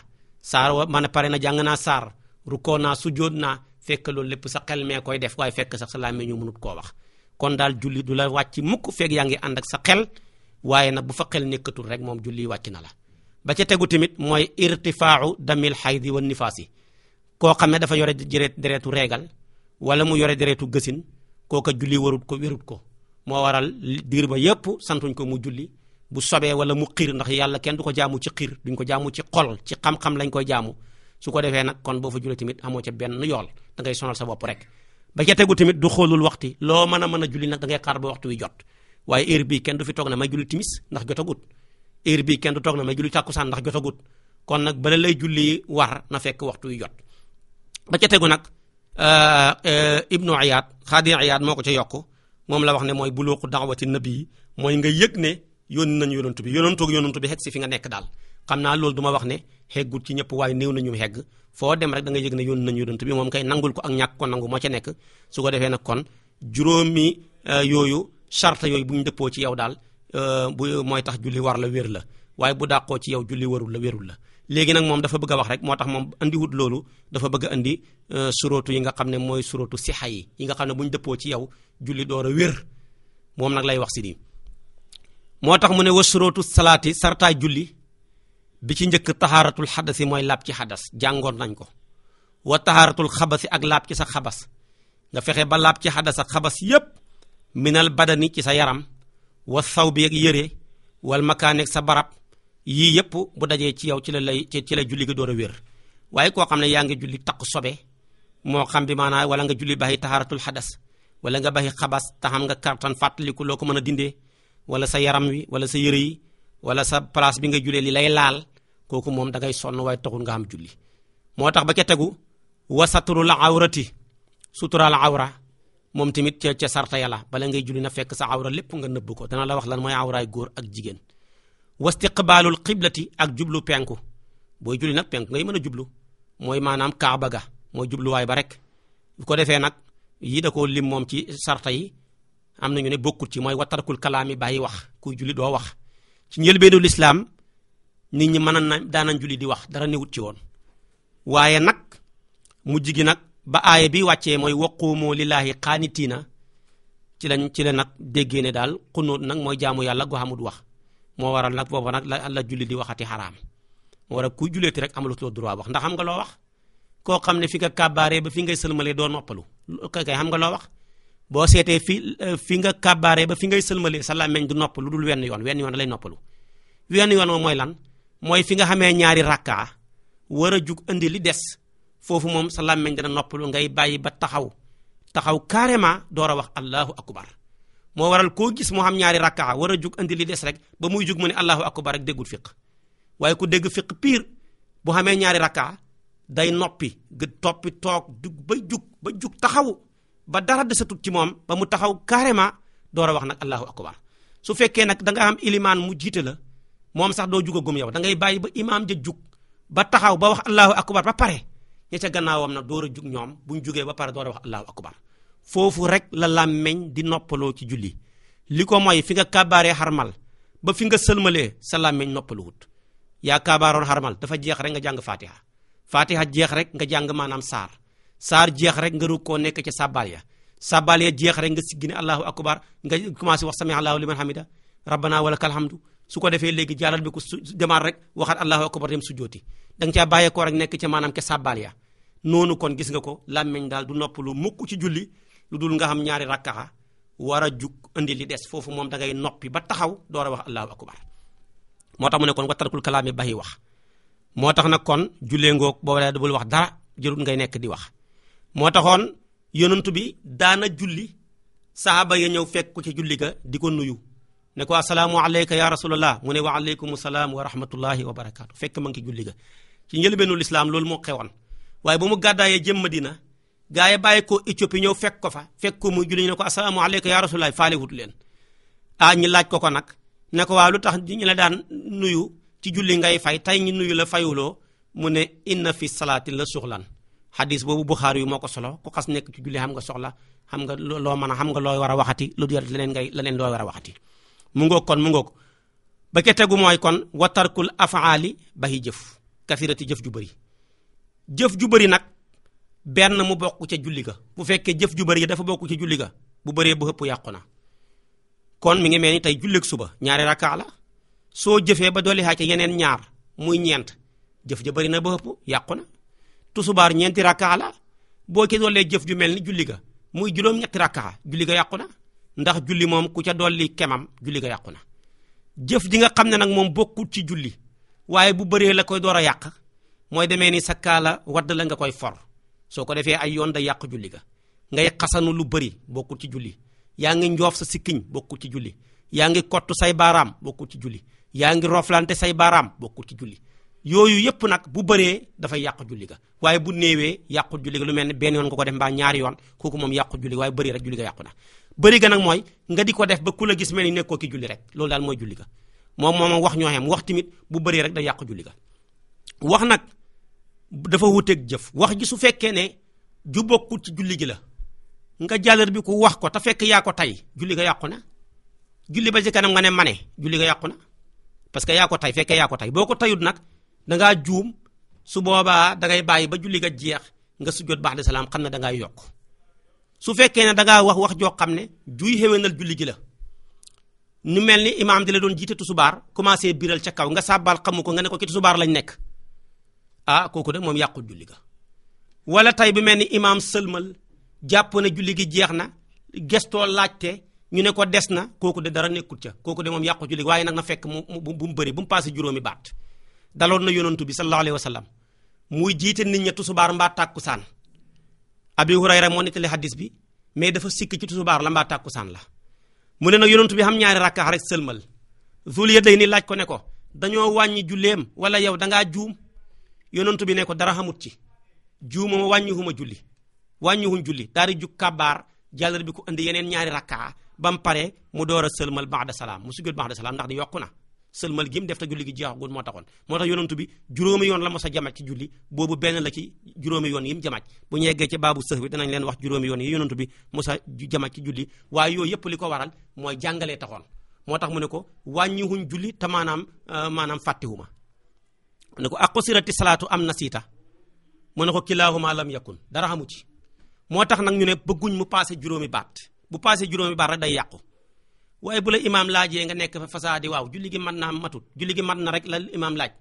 Speaker 1: saar wa man pare na jàng naa saar rukkoo naa sujjóot naa fekk loolu lépp sa xel mee koy def waaye fekk sax sa làmmee ñu mënut koo wax kon daal julli du la wàcc mukk fekk yaa ngi ànd ak sa xel waaye nag bu fa xel nekkatul rek moom julli wàcc na la ba ca tegu tamit mooy irtifaau damil xaydi wa nifaasi koo xam ne dafa yore jëreet dereetu reegal wala mu yore dereetu gësin kooka julli warut ko wérut ko moo waral diir ba yépp santuñ ko mu julli bu sobee wala mu xiir ndax yàlla kenn du ko jaamu ci xiir duñ ko jaamu ci xol ci xam-xam lañ koy jaamu su ko defee nag kon boo fa julli tamit amoo ca benn yool da ngay sonal sa bopp rek ba ca tegu tamit du xoolul waxti loo mën a mën a julli nag da ngay xaar ba waxtu wi jot waaye heure bii kenn du fi toog na may julli timis ndax jotagut heure kenn du toog na may julli tàkkusaan ndax jotagut kon nag bala lay julli war na fekk waxtu yu jot ba ca tegu nag euh, euh, ibnu Iyaad xaadi Iyaad moo ko ca yokk moom la wax ne mooy buluuqu da'wati nabi mooy nga yëg ne yónni nañ yonantu bi yonantu ak yonantu bi xeg si fi nga nekk daal xam naa loolu du wax ne xeggut ci ñëpp waaye néew nañu xegg foo dem rek da nga yëg ne yoon nañ yonantu bi moom kay nangul ko ak ñàkk ko nangu moo ca nekk su ko defee nag kon juróomi euh, yooyu charte yooyu bu ñu dëppoo ci yow daal euh, bu mooy tax julli war la wér la waaye bu dàqoo ci yow julli warul la wérul la léegi nag moom dafa bëgg a wax rek moo tax moom andiwut loolu dafa bëgg a andi euh, yi nga xam ne mooy surootu sixa yi yi nga xam ne bu dëppoo ci yow julli wér moom nag lay wax si moo tax mu ne wa surootu salaati sartaay julli bi ci njëkk taxaaratul xadasi mooy laab ci xadas jàngoon nañ ko wa taxaaratul xabasi ak laab ci sa xabas nga fexe ba laab ci xadas xabas yépp minal badani ci sa yaram wa saw bi ak yére wal makaan sa barab yii yëpp bu dajee ci yow ci la lay ci la julli gi door a wér waaye koo xam ne yaa nga julli takk sobe moo xam bi maanaa wala nga julli baxi taxaaratul xadas wala nga baxi xabas te xam nga kartan fàttaliku loo ko mën a dindee wala sa yaram wi wala sa yére yi wala sa place bi nga julee li lay laal kooku moom da ngay sonn waay taxul nga am julli moo tax ba ca tegu wasaturul awrati suturaal awra moom tamit ca ca sarta yàlla bala ngay julli na fekk sa awra lépp nga nëbb ko dana la wax lan mooy awraay góor ak jigéen wastiqbaalul xiblati ak jublu penku booy julli nag penku ngay mën a jublu mooy maanaam kaaba ga mooy jubluwaay ba rek bu ko defee nag yii da ko lim moom ci sarta yi am nañu ne bokkul ci mooy watarkul kalaami bàyyi wax kuy julli doo wax ci njëlbeenu lislaam nit ñi mën na daanañ julli di wax dara newut ci woon waaye nag mujj ba aaye bi wàccee mooy waquumu lillaahi qaanitiina ci lañ ci la nag déggee ne daal xunóot nag mooy jaamu yàlla gu xamut wax moo waral nag booba nag la la julli di waxati xaraam moo wara ku julleeti rek amalutoo droit wax ndax xam nga loo wax koo xam ne fi nga kàbbaaree ba fi ngay sëlmalee doo noppalu kay xam loo wax boo seetee fi fi nga kàbbaaree ba fi ngay sëlmalee sa làmmeñ du lu dul wenn yoon wenn yoon lay noppalu wenn yoon moom mooy lan mooy fi nga xamee ñaari rakkaa war a jug indi li des foofu moom sa làmmeñ dana noppalu ngay bàyyi ba taxaw taxaw carrément door a wax allahu akbar moo waral koo gis mu xam ñaari rakkaa war a jug indi li des rek ba muy jug mu ne allahu akbar rek déggul fiq waaye ku dégg fiq piir bu xamee ñaari rakkaa day noppi gë toppi toog jug ba jug ba jug taxaw ba dara desatut ci moom ba mu taxaw carrément door a wax nag allahu akbar su fekkee nag da nga am ilimaan mu jiite la moom sax doo jug gum yow da ngay bàyyi ba imaam ja jug ba taxaw ba wax allahu ba pare ña ca gannaawam na door a jug ñoom bu ñu jugee ba pare door a wax allahu akbar foofu rek la làmmeñ di noppaloo ci julli li ko mooy fi nga kàbbaaree xarmal ba fi nga sëlmalee sa làmmeñ noppaluwut yaa kaabaaroon xarmal dafa jeex rek nga jàng fatiha fatiha jeex rek nga jàng maanaam saar saar jeex rek nga rukkoo nekk ca sàbbaal ya sàbbaal ya jeex rek nga siggi ne allahu akbar nga commencé wax sami allahu liman hamida rabbana walakal hamdu su ko defee léegi jàllal bi ko su demaat rek waxaat allahu akbar dem su jooti da nga caa bàyyeekoo rek nekk ca maanaam ca noonu kon gis nga ko làmmiñ daal du nopp lu mukk ci julli lu dul nga xam ñaari rakkaxa war a jug indi li des foofu moom dangay ngay noppi ba taxaw door a wax allahu akbar moo tax mu ne kon wa tarkul kalaami bàyyi wax moo tax nag kon jullee ngoog boo waree bul wax dara jërul ngay nekk di wax moo taxoon yonantu bi daana julli saaba ya ñëw fekk ko ci julli ga di ko nuyu ne ko assalaamu alayka ya rasulallah mu ne wa aleykum salaam wa rahmatullahi wa barakaatu fekk ma ngi ci julli ga ci loolu moo xewoon waaye ba mu gàddaayee jëm Madina gaa yi bàyyi ko Éthiopie ñëw fekk ko fa fekk ko muy julli ñu ne ko assalaamu aleyka yaa rasulaay faale wut leen ah ñi laaj ko ko nag ne ko waaw lu tax ñu la daan nuyu ci julli ngay fay tey ñu nuyu la fayuloo mu ne inna fi salaati la suxlan xadis boobu bu xaar yu moo ko solo ku xas nekk ci julli xam nga soxla xam nga loo mën a xam nga looy war a waxati lu yarat leneen ngay leneen looy war a waxati mu ngoog kon mu ngoog ba ke tegu mooy kon watarkul afaali bayi jëf kasirati jëf ju bëri jëf ju bari nag benn mu bokk ca julli ga bu fekkee jëf ju bari dafa bokk ca julli ga bu bëree bu ëpp yàqu na kon mi ngi mel ni tey julleeg suba ñaar rakka la soo jëfee ba dolli ca yeneen ñaar muy ñeent jëf ja bari na ba ëpp yàqu na tusubaar ñeenti rakka la boo ci jëf ju mel ni julli ga muy juróom-ñetti rakka julli ga yàqu na ndax julli moom ku ca dolli kemam julli ga yàqu na jëf ji nga xam ne nag moom bokkut ci julli waaye bu bëree la koy door a yàq mooy demee ni sa kaala wadd la nga koy for soo ko defee ay yoon da yàq julli ga ngay xasanu lu bëri bokkul ci julli yaa ngi njoof sa sikkiñ bokkul ci julli yaa ngi kott say baaraam bokkul ci julli yaa ngi rooflante say baaraam bokkul ci julli yooyu yëpp nag bu bëree dafay yàq julli ga waaye bu néewee yàqu julli ga lu mel ne benn yoon nga ko def mbaa ñaar yoon kooku moom yàqu julli ga waaye bëri rek julli ga yàqu na bëri ga nag mooy nga di ko def ba ku la gis mel ni nekkoo ki julli rek loolu daal mooy julli ga moom moom wax ñoo xam wax tamit bu bëree rek day yàq julli wax nag dafa wuteeg jëf wax ji su fekkee ne ju bokkul ci julli gi la nga jàllar bi ku wax ko te fekk yaa ko tay julli ga yàqu na julli ba ci kanam nga ne mane julli ga yàqu na parce que yaa ko tay fekkee yaa ko tay boo ko tayut nag dangaa juum su boobaa dangay bàyyi ba julli ga jeex nga sujjóot ba'da salaam xam ne dangaa yokk su fekkee ne dangaa wax wax joo xam ne ju xéwénal julli gi la ñu mel ni imaam di la doon jiite tusubaar commencé biral ca kaw nga sàbbaal xamu ko nga ne ko ci tusubaar lañ nekk ah kooku nag moom yàqu julli ga wala tey bu mel ni imaam sëlmal jàpp na julli gi jeex na gestoo laajte ñu ne ko des na kooku de dara nekkul ca kooku de moom yàqu julli gi waaye nag na fekk mu bu mu bëri bu mu paase juróomi baat daloon na yonantu bi sallallahu alayhi wa sallam muy jiite nit ña tusubaar mbaa tàkkusaan abi hurayra moo nettali hadis bi mais dafa sikk ci tusubaar la mbaa saan la mu ne na yonantu bi xam ñaari rakka rek sëlmal zul yadayni laaj ko ne ko dañoo wàññi julleem wala yow dangaa juum yonantu bi ne ko dara xamut ci juuma ma wàññiwuma julli wàññiwuñ julli daal di jug kabaar jàllar bi ko indi yeneen ñaari rakkaa ba mu pare mu door a sëlmal ba'da salaam mu sujjóot ba'da salaam ndax di yokku na sëlmal gi mu def te julli gi jeexagul moo taxoon moo tax yonantu bi juróomi yoon la mos a jamaj ci julli boobu benn la ci juróomi yoon yi mu jamaj bu ñu yeggee ci baabu sëx bi danañ leen wax juróomi yoon yi yonantu bi mos a jamaj ci julli waaye yooyu yëpp li ko waral mooy jàngalee taxoon moo tax mu ne ko wàññiwuñ julli te maanaam euh, maanaam fàttewuma mu ne ko aqusirati salaatu am nasiita mu ne ko kilaahuma lam yakun dara xamu ci moo tax nag ñu ne bëgguñ mu passé juróomi baat bu passé juróomi baat day yàqu waaye bu la imaam laajee nga nekk fa di waaw julli gi mën naa matut julli gi mat na rek la imaam laaj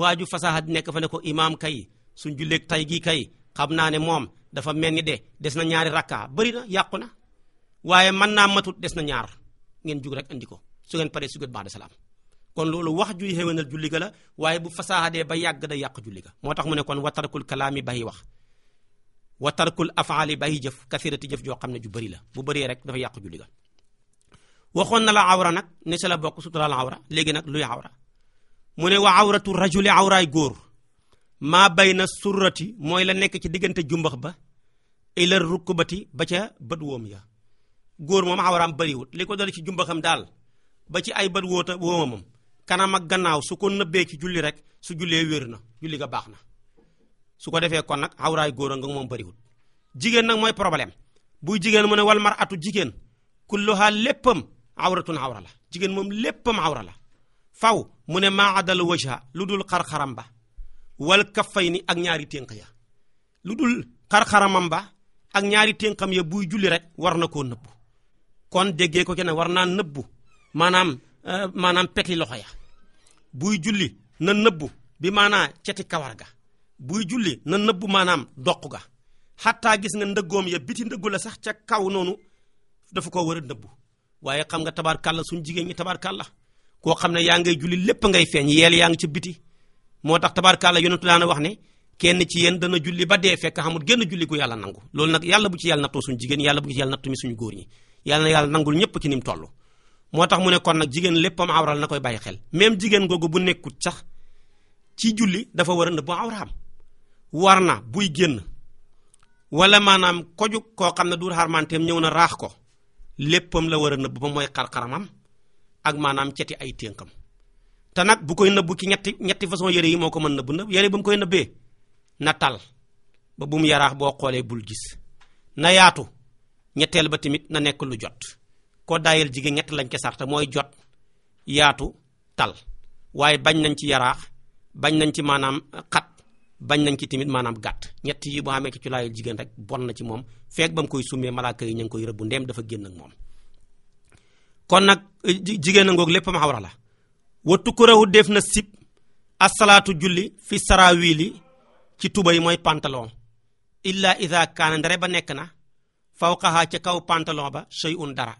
Speaker 1: waaju fasaha di nekk fa ne ko imaam kay suñ julleek tay gi kay xam naa ne moom dafa mel ni de des na ñaari rakka bari na yàqu na waaye mën naa matut des na ñaar ngeen jug rek andi ko su ngeen paree su ngeen baax salaam kon loolu wax juy xéwénal julli ga la waaye bu fasaaxadee ba yàgg day yàq julli moo tax mu ne kon wa tarkul kalaami bàyyi wax wa tarkul afaali bàyyi jëf kasirati jëf joo xam ne ju bëri la bu bëree rek dafa yàq julli waxoon na la awra nag ne si la bokk suturaal awra léegi nag luy awra mu ne wa awratu rajuli awraay góor ma bay na surrati mooy la nekk ci diggante jumbax ba ilal rukkubati ba ca bët woom ya góor moom awraam bëriwut li ci jumbaxam daal ba ci ay bët wóota wóomamam kanam ak gannaaw su ko nëbbee ci julli rek su jullee wér na julli ga baaxna su ko defee kon nag awraay góor a nga moom bëriwul jigéen nag mooy problème buy jigéen mu ne wal mar atu jigéen kulluha léppam awratun awra la jigéen moom léppam awra la faw mu ne maa adal lu dul xar-xaram ba wal kaffayni ak ñaari ténq ya lu dul xar-xaramam ba ak ñaari ténqam ya buy julli rek war na koo nëbbu kon déggee ko ci ne war naa nëbbu maanaam Euh, maanaam peti loxo ya buy julli na nëbbu bi maanaa ceti kawar ga buy julli na nëbbu maanaam doq ga xattaa gis nga ndëggoom ya biti ndëggu la sax ca kaw noonu dafa ko war a nëbbu waaye xam nga tabaarkàlla suñ jigéen ñi tabaarkàlla koo xam ne yaa ngay julli lépp ngay feeñ yeel yaa ngi ci biti moo tax tabaarkàlla yonentu daana wax ne kenn ci yéen dana julli ba dee fekk xamul génn julli gu yàlla nangu loolu nag yàlla bu ci yàlla nattoo suñu jigéen yàlla bu ci suñu góor ñi yàlla na yàlla nangul ñëpp mu toll moo tax mu ne kon nag jigéen léppam awral na koy bàyyi xel même jigéen googu bu nekkut sax ci julli dafa war a nëbb awraam war na buy génn walla maanaam koju koo xam ne du xarmanteem ñëw na raax ko léppam la war a nëbb ba mooy xar-xaramam ak maanaam ceti ay ténkam te nag bu koy nëbb ki ñetti ñetti façon yére yi moo ko mën nëbb nëbb yére bu mu koy nëbbee na tal ba bu mu yaraax boo xoolee bul gis na yaatu ñetteel ba tamit na nekk lu jot ko daayal jigéen ñett lañ ca sarta mooy jot yaatu tal waaye bañ nañ ci yaraax bañ nañ ci maanaam xat bañ nañ ci tamit maanaam gàtt ñetti yi bu amee ci ci laayal jigéen rek bon na ci moom feek ba mu koy summee malaaka yi ñu ngi koy rëbbu ndeem dafa génn ak moom kon nag eh, jigéen a ngoog lépp ma xawra la wattu kuréwu def na sib asalaatu julli fi saraawili ci tubay mooy pantalon illa ida kaana ndare ba nekk na fawqaha ca kaw pantalon ba shay'un dara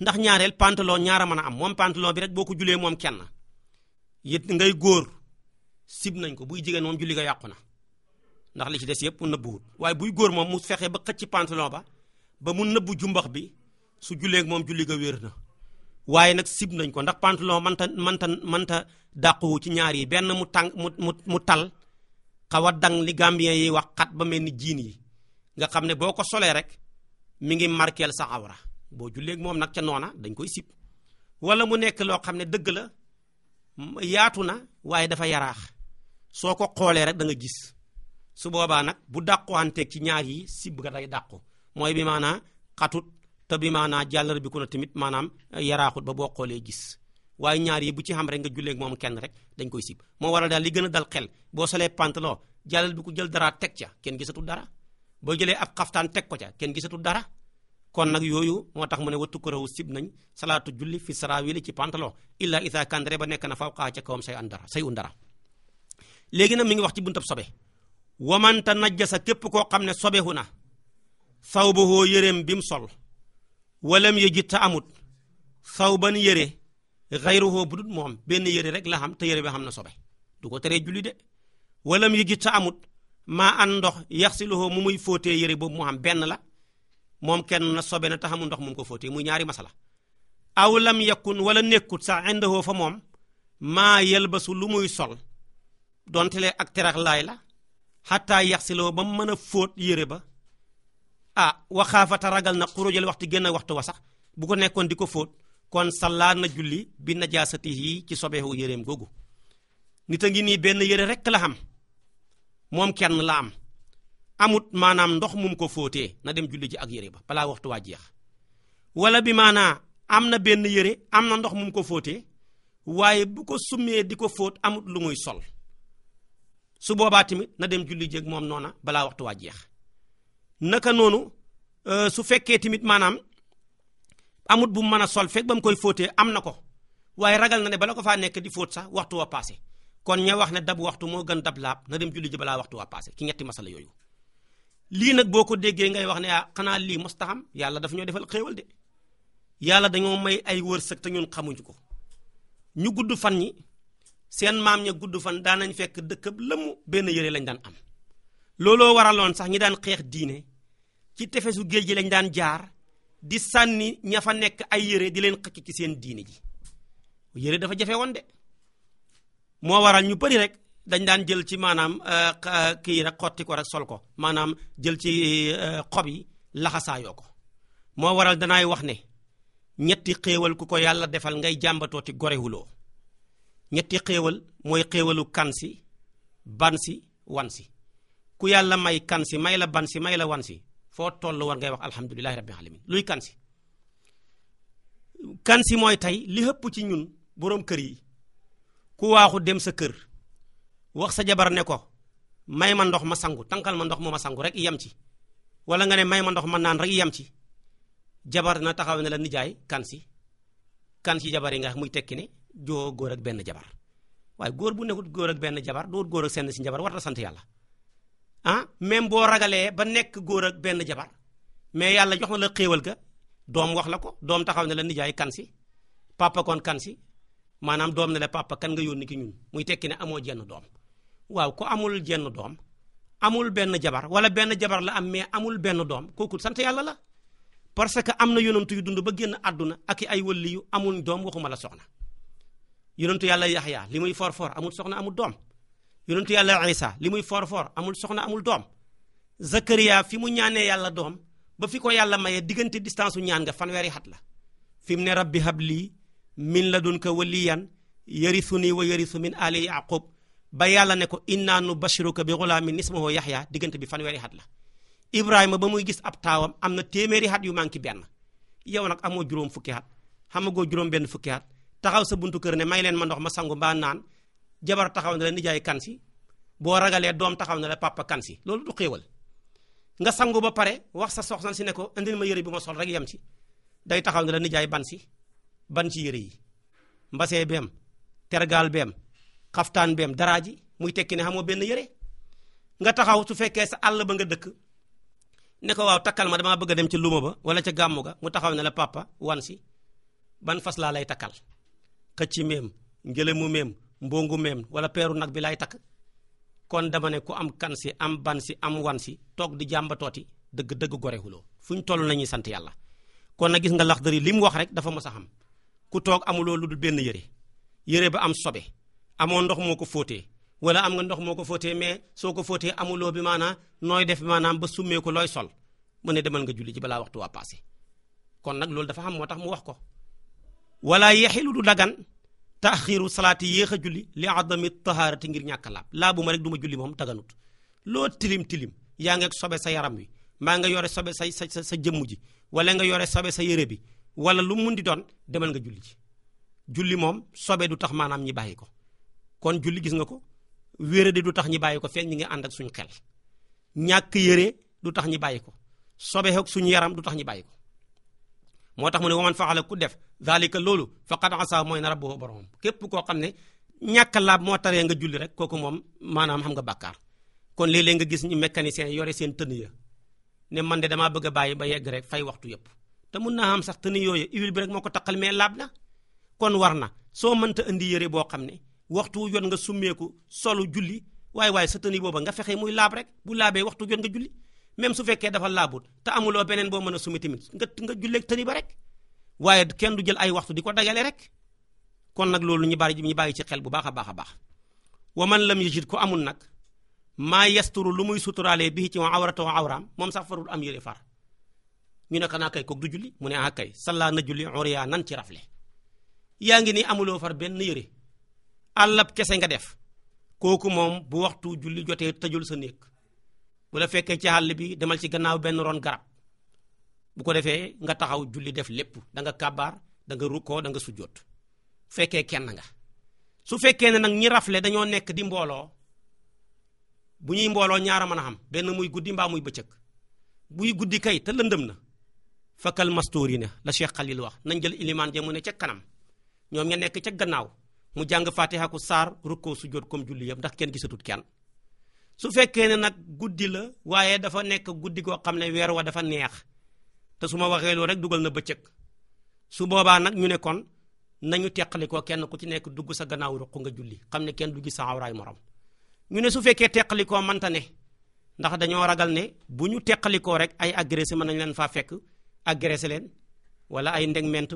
Speaker 1: ndax ñaareel pantalon ñaara mën a am moom pantalon bi rek boo ko julee moom kenn yit ngay góor sib nañ ko buy jigéen moom julli nga yàqu na ndax li ci des yëpp nëbbuwut waaye buy góor moom mu fexe ba xëcc pantalon ba ba mu nëbbu jumbax bi su jullee moom julli nga wér na waaye nag sib nañ ko ndax pantalon manta manta manta dàquwu ci ñaar yi benn mu tàng mu mu mu tal xaw a dang li gambien yi wax xat ba mel ni jiin yi nga xam ne boo ko solee rek mi ngi markeel sa awra boo julleeg moom nag ca noona dañ koy sib wala mu nekk loo xam ne dëgg la yaatu na waaye dafa yaraax soo ko xoolee rek danga gis su boobaa nag bu dàquwanteeg ci ñaar yi sib ga day dàqu mooy bi maanaa xatut te bi maanaa jàllar bi ku na tamit maanaam yaraaxut ba boo xoolee gis waaye ñaar yi bu ci xam rek nga julleeg moom kenn rek dañ koy sib moo waral daal li gën a dal xel boo solee pantalon jàllal bi ku jël dara teg ca kenn gisatul dara boo jëlee ab xaftaan teg ko ca kenn gisatul dara kon nag yooyu moo tax mu ne wattu korawu sib nañ salaatu julli fi sarawili ci pantalon illa isa kandre ba nekk na fawqaa ca kawam say andara say undara léegi nag mi ngi wax ci buntab sobe wamanta najjasa képp koo xam ne sobehu na sawbahoo yëreem bi mu sol walam yejit ta amut sawban yëre xayruhoo bu dut moom benn yëre rek la xam te yëre bi xam na sobe du ko teree julli de walam yejit ta amut maa an ndox yaxsiluhoo mu muy fóotee yëre boobu mu xam benn la moom kenn na sobe na taxamu ndox mun ko fóotee mu ñaari masala aw lam yakun wala nekkut sax indahoo fa moom maa yelbasu lu muy sol donte lee ak terax la xataa yaxsiloo ba mu mën a fóot yére ba a ah, waxaafata ragal na xurujal waxtu génn waxtu wa sax bu ko nekkoon di ko fóot kon sallaa na julli bi yi ci sobeewu yéreem googu nit a ngi nii benn yére rekk la xam moom kenn la am amut maanaam ndox mum ko fóotee na dem julli ji ak yére ba balaa waxtu waa jeex wala bi maanaa am na benn yére am na ndox mum ko fóotee waaye bu ko sumee di ko fóot amut lu muy sol su boobaa tamit na dem julli ji ak moom noona balaa waxtu waa jeex naka noonu euh, su fekkee tamit maanaam amut bu mën a sol fekk ba mu koy fóotee am na ko waaye ragal na ne bala ko faa nekk di fóot sax waxtu waa paase kon ña wax ne dab waxtu moo gën dab laab na dem julli ji balaa waxtu waa paase ki ñetti lii nag boo ko déggee ngay wax ne ah xanaa lii mustaxam yàlla dafa ñoo defal xéewal de yàlla dañoo may ay wërsëg te ñun xamuñu ko ñu gudd fan ñi seen maam ña gudd fan daan nañ fekk dëkkab lëmm benn yére lañ daan am looloo waraloon sax ñi daan xeex diine ci tefesu géej gi lañ daan jaar di sànni ña fa nekk ay yére di leen xëcc seen diine ji yére dafa jafe woon de moo waral ñu bari rek dañ daan jël ci maanaam euh, kii rek xotti ko rek sol ko maanaam jël ci euh, xob yi laxasaayoo ko moo waral danaay wax ne ñetti xéewal ku ko yàlla defal ngay jàmbatoo ci gorewuloo ñetti xéewal mooy xéewalu kansi bansi wansi ku yàlla may kansi may la bansi may la wansi foo toll war ngay wax alhamdulilahi rabbil alamin luy kansi kansi mooy tey li ëpp ci ñun boroom kër yi ku waaxu dem sa kër wax sa jabar ne ko may ma ndox ma sangu tànkal ma ndox mu ma sangu rek yem ci wala nga ne may ma ndox ma naan rek yem ci jabar na taxaw ne la ni jaay si kan si jabar yi nga muy tekki ne joo góor ak benn jabar waaye góor bu nekkul góor ak benn jabar doo góor ak seen si jabar war na yàlla ah même boo ragalee ba nekk góor ak benn jabar mais yàlla jox la xéewal ga doom wax la ko doom taxaw ne la nijaay kan si papa koon kan si maanaam doom ne la papa kan nga yónni ki ñun muy tekki ne amoo jenn doom waaw ko amul jenn doom amul benn jabar wala benn jabar la am mais amul benn doom kooku sant yàlla la parce que am na yonentu yu dund ba génn àdduna ak ay wëlli amul doom waxuma la soxna yonentu yàlla yaxya li muy forfor amul soxna amul doom yonentu yàlla isa li muy forfor amul soxna amul doom zakariya fi mu ñaanee yàlla doom ba fi ko yàlla mayee diggante distance su ñaan nga fanweeri xat la fi mu ne rabbi habli min ladunka waliyan yarisuni wa yarisu min ali yaqub ba yàlla ne ko in inna nubashiruka bi ghulaamin ismuhu Yahya diggante bi fan fanweeri at la Ibrahima ba muy gis ab taawam am na téeméeri at yu manqué benn yow nag amoo juróom fukki at xamagoo juróom benn fukki at taxaw sa buntu kër ne may leen ma ndox ma sangu mbaa naan jabar taxaw ne la nijaay kansi boo ragalee doom taxaw ne la papa kansi loolu du xéewal nga sangu ba pare wax sa soxna si ne ko indil ma yëre bi ma sol rek yem ci day taxaw ne la nijaay ban si ban ci yëre yi mbasee xaftaan beem daraa ji muy tekki ne xamoo benn yëre nga taxaw su fekkee sa àll ba nga dëkk ne ko waaw takkal ma damaa bëgg a dem ci luma ba wala ca gàmmu ga mu taxaw ne la papa wan si ban fas laa lay takkal xëcci meem ngelamu meem mbongu meem wala peeru nag bi lay takk kon dama ne ku am kan si am ban si am wan si toog di jàmbatooti dëgg dëgg gorehuloo fu ñu toll nañuy sant yàlla kon na gis nga laxdari li mu wax rek dafa mos a xam ku toog amuloo lu dul benn yére yére ba am sobe amoo ndox moo ko fóotee wala am nga ndox moo ko fóotee mais soo ko fóotee amuloo bi maanaam nooy def maanaam ba summee ko looy sol mu ne demal nga julli ji balaa waxtu waa passé kon nag loolu dafa xam moo tax mu wax ko wala lu du dagan taxiru salaati yéex a julli li adami taharati ngir ñàkk laab laabu ma rek du ma julli moom taganut loo tilim tilim yaa ngi sobe sa yaram wi maa nga yore sobe sa sa sa jëmm ji wala nga yore sobe sa yére bi wala lu mu mun di doon demal nga julli ji julli moom sobe du tax maanaam ñi bàyyi ko kon julli gis nga ko wéradi du tax ñi bàyyi ko fekk ñi ngi ànd ak suñu xel ñàkk yére du tax ñi bàyyi ko sobeek ak suñu yaram du tax ñi bàyyi ko moo tax mu ne waman faxala ku def zalika loolu faqad asa mooy na rabbuhu boromam képp koo xam ne ñàkk laab moo taree nga julli rek kooku moom maanaam xam nga bàkkaar kon léeg nga gis ñu mécanicien yore seen tën ne man de damaa bëgg a bàyyi ba yegg rek fay waxtu yëpp te mun naa am sax tën yooyu huile bi rek moo ko taqal mais laab na kon war na soo mënta indi yére boo xam ne waxtu jot nga summeeku solu julli waaye waaye sa tëni booba nga fexe muy laab rek bu laabee waxtu jot nga julli même su fekkee dafa laabut te amuloo beneen boo mën a summi tamit nga nga julleeg tëni ba rek waaye kenn du jël ay waxtu di ko dagale rek kon nag loolu ñu bari ñu bàyyi ci xel bu baax a baax a baax wa man lam yajid ko amul nag maa yasturu lu muy suturaalee bii ci awratoo awraam moom sax farul am yére far ñu ne xanaa kay kook du julli mu ne ah kay sallaa na julli uriyaa nan ci rafle yaa ngi nii amuloo far benn yére àllab kese nga def kooku moom bu waxtu julli jotee tëjul sa néeg bu la fekkee ci àll bi demal ci gannaaw benn ron garab bu ko defee nga taxaw julli def lépp da nga kàbbaar da nga rukkoo da nga fekkee kenn nga su fekkee ne nag ñi rafle dañoo nekk di mbooloo bu ñuy mbooloo ñaara mën a xam benn muy guddi mbaa muy bëccëg buy guddi kay te lëndëm na fakal mastoori na la Cheikh Khalil wax nañ jël ilimaan ja mu ne ca kanam ñoom ña nekk ca gannaaw mu jàng fatiha ku saar rukkoo su comme julli yëpp ndax kenn gisatut kenn su fekkee ne nag guddi la waaye dafa nekk guddi goo xam ne weer wa dafa neex te su ma waxee loolu rek dugal na bëccëg su boobaa nag ñu ne kon nañu teqalikoo kenn ku ci nekk dugg sa gannaaw ruq nga julli xam ne kenn du gis sa awraay morom ñu ne su fekkee teqalikoo manta ne ndax dañoo ragal ne bu ñu teqalikoo rek ay agressé mën nañ leen faa fekk agressé leen wala ay ndegment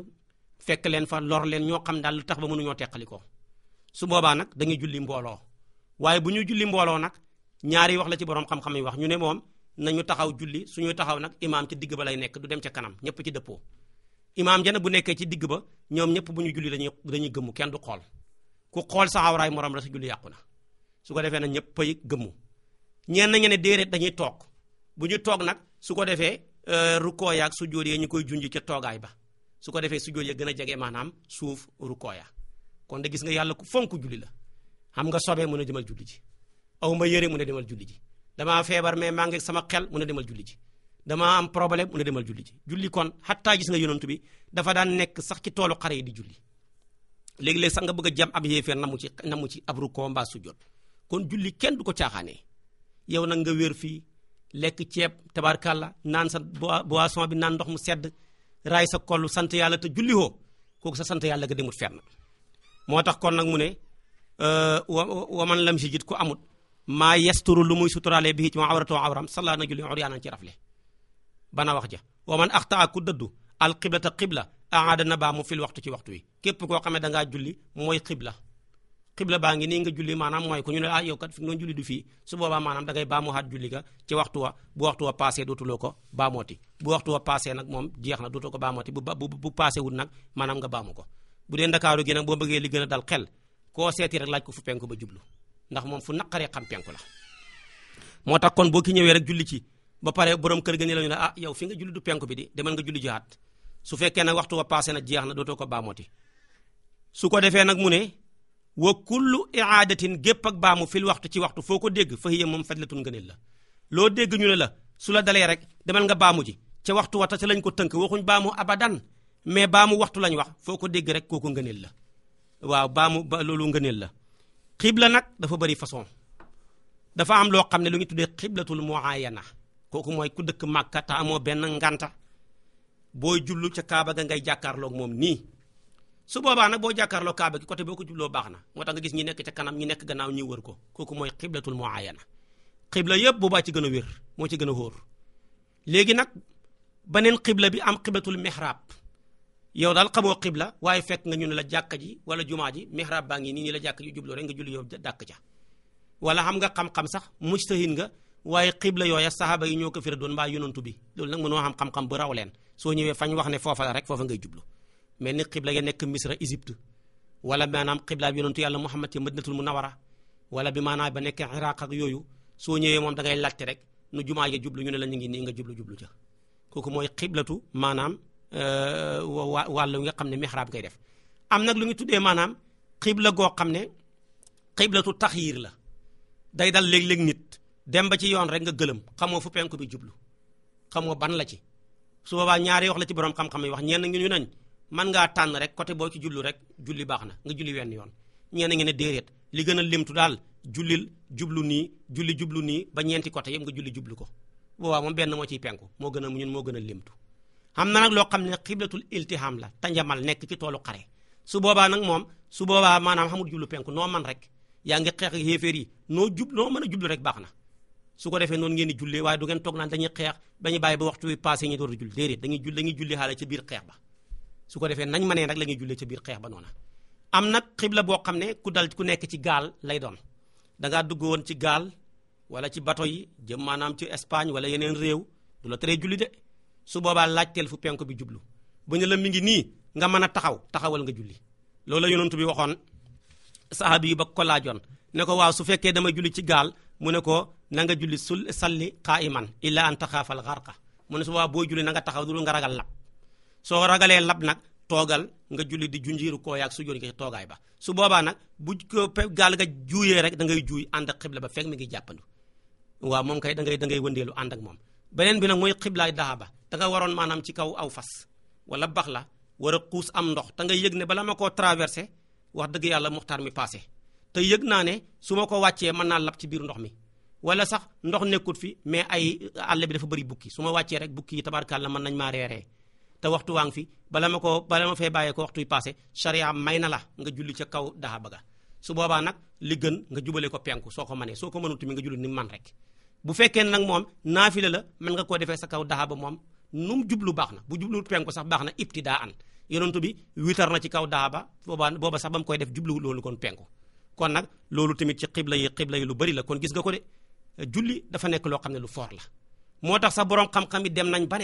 Speaker 1: fekk leen fa lor leen ñoo xam daal lu tax ba ñoo teqali ko su boobaa nag dañuy julli mbooloo waaye bu ñu julli mbooloo nag ñaari wax la ci borom xam-xam yi wax ñu ne moom nañu taxaw julli su ñuy taxaw nag imaam ci digg ba lay nekk du dem ca kanam ñëpp ci dëppoo imaam jana bu nekkee ci digg ba ñoom ñëpp bu ñu julli dañuy dañuy gëmmu kenn du xool ku xool sa awraay morom la sa julli yàqu na su ko defee nag ñëpp ay gëmmu ñeen nañu ne déedéet dañuy toog bu ñu toog nag su ko defee euh, rukkoo yaag su jóor yee ñu koy junj ca toogaay ba su ko defee sujjóot ya gën a jege maanaam suuf rukkooya kon de gis nga yàlla ku fonk julli la xam nga sobee mën a demal julli ji aw ma yëre mën a demal julli ji damaa feebar mais maa ngi sama xel mën a demal julli ji dama am problème mën a demal julli ji julli kon xattaa gis nga yonantu bi dafa daan nekk sax ci toolu xare yi di julli léegi-léeg sax nga bëgg a jam ab yéefeer na ci na ci ab rukkoo mbaa sujjóot kon julli kenn du ko caaxaanee yow nag nga wér fii lekk ceeb tabarkalla naan sa boisson bi naan ndox mu sedd raay sa kollu sant yàlla te julliwoo kooku sa sant yàlla ga demut fenn moo tax kon nag mu ne euh, wa wa man lam si jit ku amut maa yasturu lu muy suturaale bi ci ma awratoo awram salla na julli uryaanan ci rafle bana wax ja wa man axtaa ku dëddu al qiblata qibla aada na baa mu fil waxtu ci waxtu wi képp koo xam ne dangaa julli mooy qibla xibla baa ngi nii nga julli maanaam mooy ko ñu ne ah yow kat fi nga doon julli du fii su boobaa maanaam da ngay baamuwaat julli ga ci waxtu wa bu waxtu wa passé dootuloo ko baamooti bu waxtu wa passé nag moom jeex na dootoo ko baamooti bu bu bu passé wul nag maanaam nga baamu ko bu dee ndakaaru gi nag boo bëggee li gën a dal xel koo seeti rek laaj ko fu penku ba jublu ndax moom fu naqaree xam penku la moo tax kon boo ki ñëwee rek julli ci ba pare borom kër ga ne la ñu ah yow fi nga julli du penku bi di demal nga julli jihaat su fekkee nag waxtu wa passé na jeex na dootoo ko baamooti su ko defee nag mu ne wa kullu iaadatin gépp ak baamu fil waxtu ci waxtu foo ko dégg fa hiya moom fadlatun ngëneel la loo dégg ñu ne la su la dalee rek demal nga baamu ji ca waxtu wata ca lañ ko tënk waxuñ baamu abadan mais baamu waxtu lañ wax foo ko dégg rek kooku ngëneel la waaw baamu ba loolu ngëneel la xibla nag dafa bari façon dafa am loo xam ne lu ñu tuddee xiblatul muayana kooku mooy ku dëkk Màkka te amoo benn nganta booy jullu ca Kaaba ga ngay jàkkaarloog moom nii su boobaa nag boo jàkkaarloo kaaba gi côté boo ko jubloo baax na moo tax nga gis ñi nekk ca kanam ñi nekk gannaaw ñi wër ko kooku mooy xiblatul muayana xibla yëpp boobaa ci gën a wér moo ci gën a wóor léegi nag beneen xibla bi am xiblatul mihrab yow daal xamoo xibla waaye fekk nga ñu ne la jàkka ji wala jumaa ji mihrab baa ngi nii nii la jàkka ji jubloo rek nga julli yow dàkk ca wala xam nga xam-xam sax mujtahin nga waaye xibla yooya sahaaba yi ñoo ko fira doon mbaa yonantu bi loolu nag m xam xam-xam bu raw leen soo ñëwee fañ wax ne foofa la rek foofa ngay jublu mel ni xibla ya nekk misra Égypte wala maanaam xibla bi yonentu yàlla Muhammad ci madinatul munawara wala bi maanaam ba nekk iraq ak yooyu soo ñëwee moom da ngay laajte rek nu jumaa ja jublu ñu ne la ñu ngi nii nga jublu jublu ja kooku mooy xiblatu maanaam euh, wàllu nga xam ne mihraab ngay def am nag lu ñu tuddee maanaam xibla goo xam ne xiblatu taxyiir la day dal léeg-léeg nit dem ba ci yoon rek nga gëlëm xamoo fu penku bi jublu xamoo ban la ci su boobaa ñaari wax la ci borom xam yi wax ñenn ñu nañ man ngaa tànn rek côté boo ci jublu rek julli baax na nga julli wenn yoon ñeena ngeen ne déedéet li gën a limtu daal jullil jublu nii julli jublu nii ba ñeenti côté yëpp nga julli jublu ko boobaa moom benn moo ciy penku moo gën a ñun moo gën a limtu xam na loo xam ne xiblatul iltiham la tanjamal nekk ci toolu xare su boobaa nag moom su boobaa maanaam xamul jublu penku noo man rek yaa ngi xeex ak yi noo jub noo mën a jublu rek baax na su ko defee noonu ngeen di jullee waaye du ngeen toog naan dañuy xeex dañuy bàyyi ba waxtu wi passé door a julli déedéet dañuy julli dañuy julli biir xeex ba su ko defee nañ ma nee nag la ngay jullee ca biir xeex ba noona am nag xibla boo xam ne ku dal ku nekk ci gaal lay doon dangaa dugg woon ci gaal wala ci bato yi jëm maanaam ci Espagne wala yeneen réew du la teree julli de su boobaa laajteel fu penku bi jublu ba ñu la mi ngi nii nga mën a taxaw taxawal nga julli loolu la yonent bi waxoon sahabi yi ba ko laajoon ne ko waaw su fekkee dama julli ci gaal mu ne ko na nga julli sul salli qaa'iman illa an taxaafal xarqa mu ne su boobaa boo julli na nga taxaw du nga ragal lab soo ragalee lab nag toogal nga julli di junjiiru koo yaag sujjóot nga ci toogaay ba su boobaa nag bu ko gaal ga juuyee rek da ngay juuy ànd ak xibla ba fekk mi ngi jàppandu waaw moom kay da ngay da ngay wëndeelu ànd ak moom beneen bi nag mooy xiblaay daaba da nga waroon maanaam ci kaw aw fas wala bax la war a xuus am ndox te nga yëg ne bala ma koo traversé wax dëgg yàlla muxtaar mi passé te yëg naa ne su ma ko wàccee mën naa lab ci biir ndox mi wala sax ndox nekkut fi mais ay àll bi dafa bëri bukki su ma wàccee rek bukki yi tabarkàlla mën nañ maa reeree te waxtu waa ngi fi bala ma ko bala ma fee bàyyee ko waxtu yu passé charia may na la nga julli ca kaw daxa baga su boobaa nag li gën nga jubalee ko penku soo ko mënee soo ko mënut mi nga julli ni man rek bu fekkee nag moom naa naafila la mën nga koo defee sa kaw daxa ba moom nu mu jublu baax na bu jubluwul penku sax baax na ibtidaa an yonentu bi witar na ci kaw daxa ba boobaa booba sax ba mu koy def jubluwul loolu kon penku kon nag loolu tamit ci xibla yi xibla yi lu bari la kon gis nga ko de julli dafa nekk loo xam ne lu foor la moo tax sa borom xam-xam yi dem nañ ba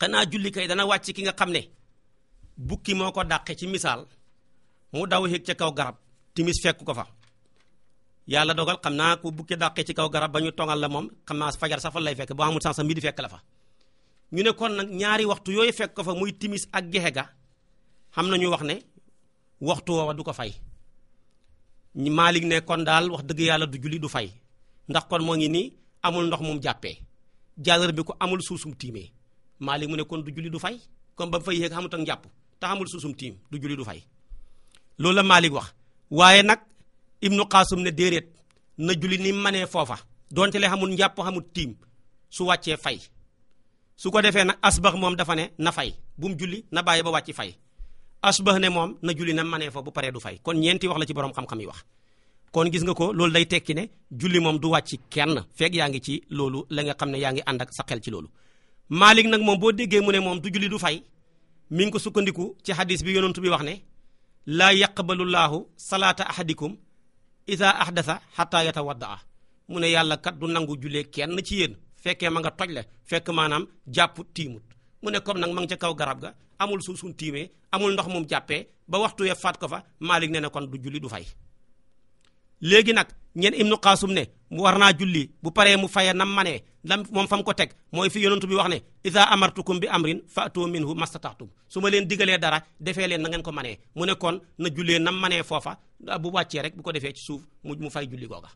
Speaker 1: xanaa julli kay dana wàcc ki nga xam ne bukki moo ko dàqe ci misaal mu daw yéeg ca kaw garab timis fekk ko fa yàlla dogal xam naa ko bukki dàqe ci kaw garab ba ñu tongal la moom xam naa fajar sax fan lay fekk boo amul sansa midi fekk la ñu ne kon nag ñaari waxtu yooyu fekk ko fa muy timis ak gexe ga xam na ñu wax ne waxtu woowa du ko fay Maalik ne kon daal wax dëgg yàlla du julli du fay ndax kon moo ngi nii amul ndox mum jàppee jàllar bi ko amul suusum tiimee Maalik mu ne kon du julli du fay comme ba mu fay yéeg xamut ak njàpp te xamul susum tiim du julli du fay loolu la Maalik wax waaye nag Ibnu Qaasim ne déedéet na julli ni manee foofa donte le xamul njàpp xamul tiim su wàccee fay su ko defee nag asbax moom dafa ne na fay bu mu julli na bàyyi ba wàcc fay asbax ne moom na julli na manee fa bu paree du fay kon ñeenti wax la ci borom xam-xam yi wax kon gis nga ko loolu day tekki ne julli moom du wàcc kenn fekk yaa ngi ci loolu la nga xam ne yaa ngi ànd ak sa xel ci loolu Malik nag moom boo déggee mu ne moom du julli du fay mi ngi ko sukkandiku ci xadis bi yonentu bi wax ne laa yaqbalullaahu salaata ahadikum isa ahdasa xataa a mu ne yàlla kat du nangu jullee kenn ci yéen fekkee ma nga toj le fekk maanaam jàpp tiimut mu ne comme nag ma ngi ca kaw garab ga amul suuf suñ tiimee amul ndox mum jàppee ba waxtu ya faat ko fa Malik ne ne kon du julli du fay léegi nag ñeen Ibnu Qaasim ne mu war naa julli bu paree mu faye nam manee lam moom fa ko teg mooy fi yonentu bi wax ne iza amartukum bi amrin fa'tu minhu mastata'tum su ma leen digalee dara defee leen na ngeen ko manee mu ne kon na jullee nam manee foofa bu wàccee rek bu ko defee ci suuf mu mu fay julli googa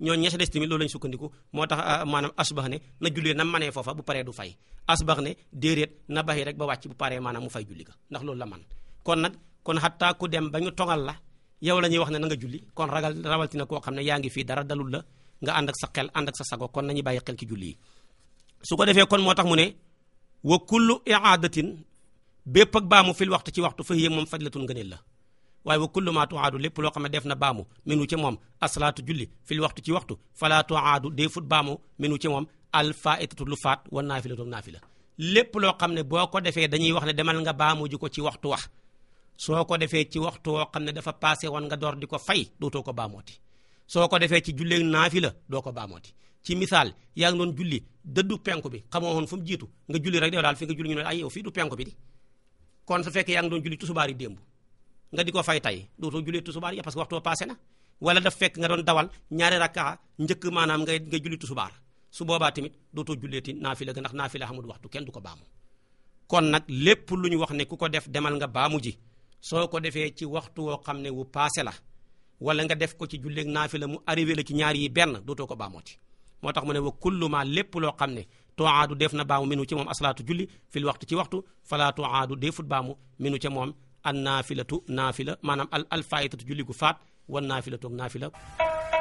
Speaker 1: ñooñu ña si des tamit loolu lañ sukkandiku moo tax ah, maanaam asbax ne na jullee nam manee foofa bu paree du fay asbax ne déeréet na bay rek ba wàcc bu paree maanaam mu fay julli ga ndax loolu la man kon nag kon xattaa ku dem ba ñu togal la yow la ñuy wax ne na nga julli kon ragal rawaltina koo xam ne yaa ngi fii dara dalul la nga ànd ak sa xel ànd sa sago kon nañu bàyyi xel ci julli yi su ko defee kon moo tax mu ne wa kullu iaadatin bépp ak baamu fil waxtu ci waxtu fa hiya moom fadlatun ngëneel la waaye wa kullu ma lépp loo xam ne def na baamu minu ci moom asalaatu julli fil waxtu ci waxtu fala tuaadu dee fut baamu minu ci moom al faitatu lu faat wa naafilatu naafila lépp loo xam ne boo ko defee dañuy wax ne demal nga baamu ji ko ci waxtu wax soo ko defee ci waxtu woo xam ne dafa passé woon nga door di ko fay dootoo ko baamooti soo ko defee ci julleeg naafila doo ko baamoo baamooti ci misaal yaa ngi doon julli dëddu penku bi xamoo woon fu mu jiitu nga julli rek daal fi nga julli ñu ay yow du penku bi kon su fekkee yaa ngi doon julli tusubaar yi démb nga di ko fay tay dootoo julli tusubaar yi parce que waxtoo passé na wala daf fekk nga doon dawal ñaari rakka njëkk maanaam ngay ngay julli tusubaar su boobaa tamit dootoo julleeti naafila ga ndax naafila xamul waxtu kenn du ko baamu kon nag lépp lu ñu wax ne ku ko def demal nga baamu ji soo ko defee ci waxtu woo xam ne wu passé la wala nga def ko ci julleeg naafila mu arrivé la ci ñaari yi benn dootoo ko baamooti moo tax mu ne wa kullu ma lépp loo xam ne tuaadu def na baamu minu ci moom a asalaatu julli fil waxtu ci waxtu fala tuaadu defut baamu minu ca moom an naafilatu naafila maanaam al alfaayitatu julli gu faat wan naafilatu ak naafila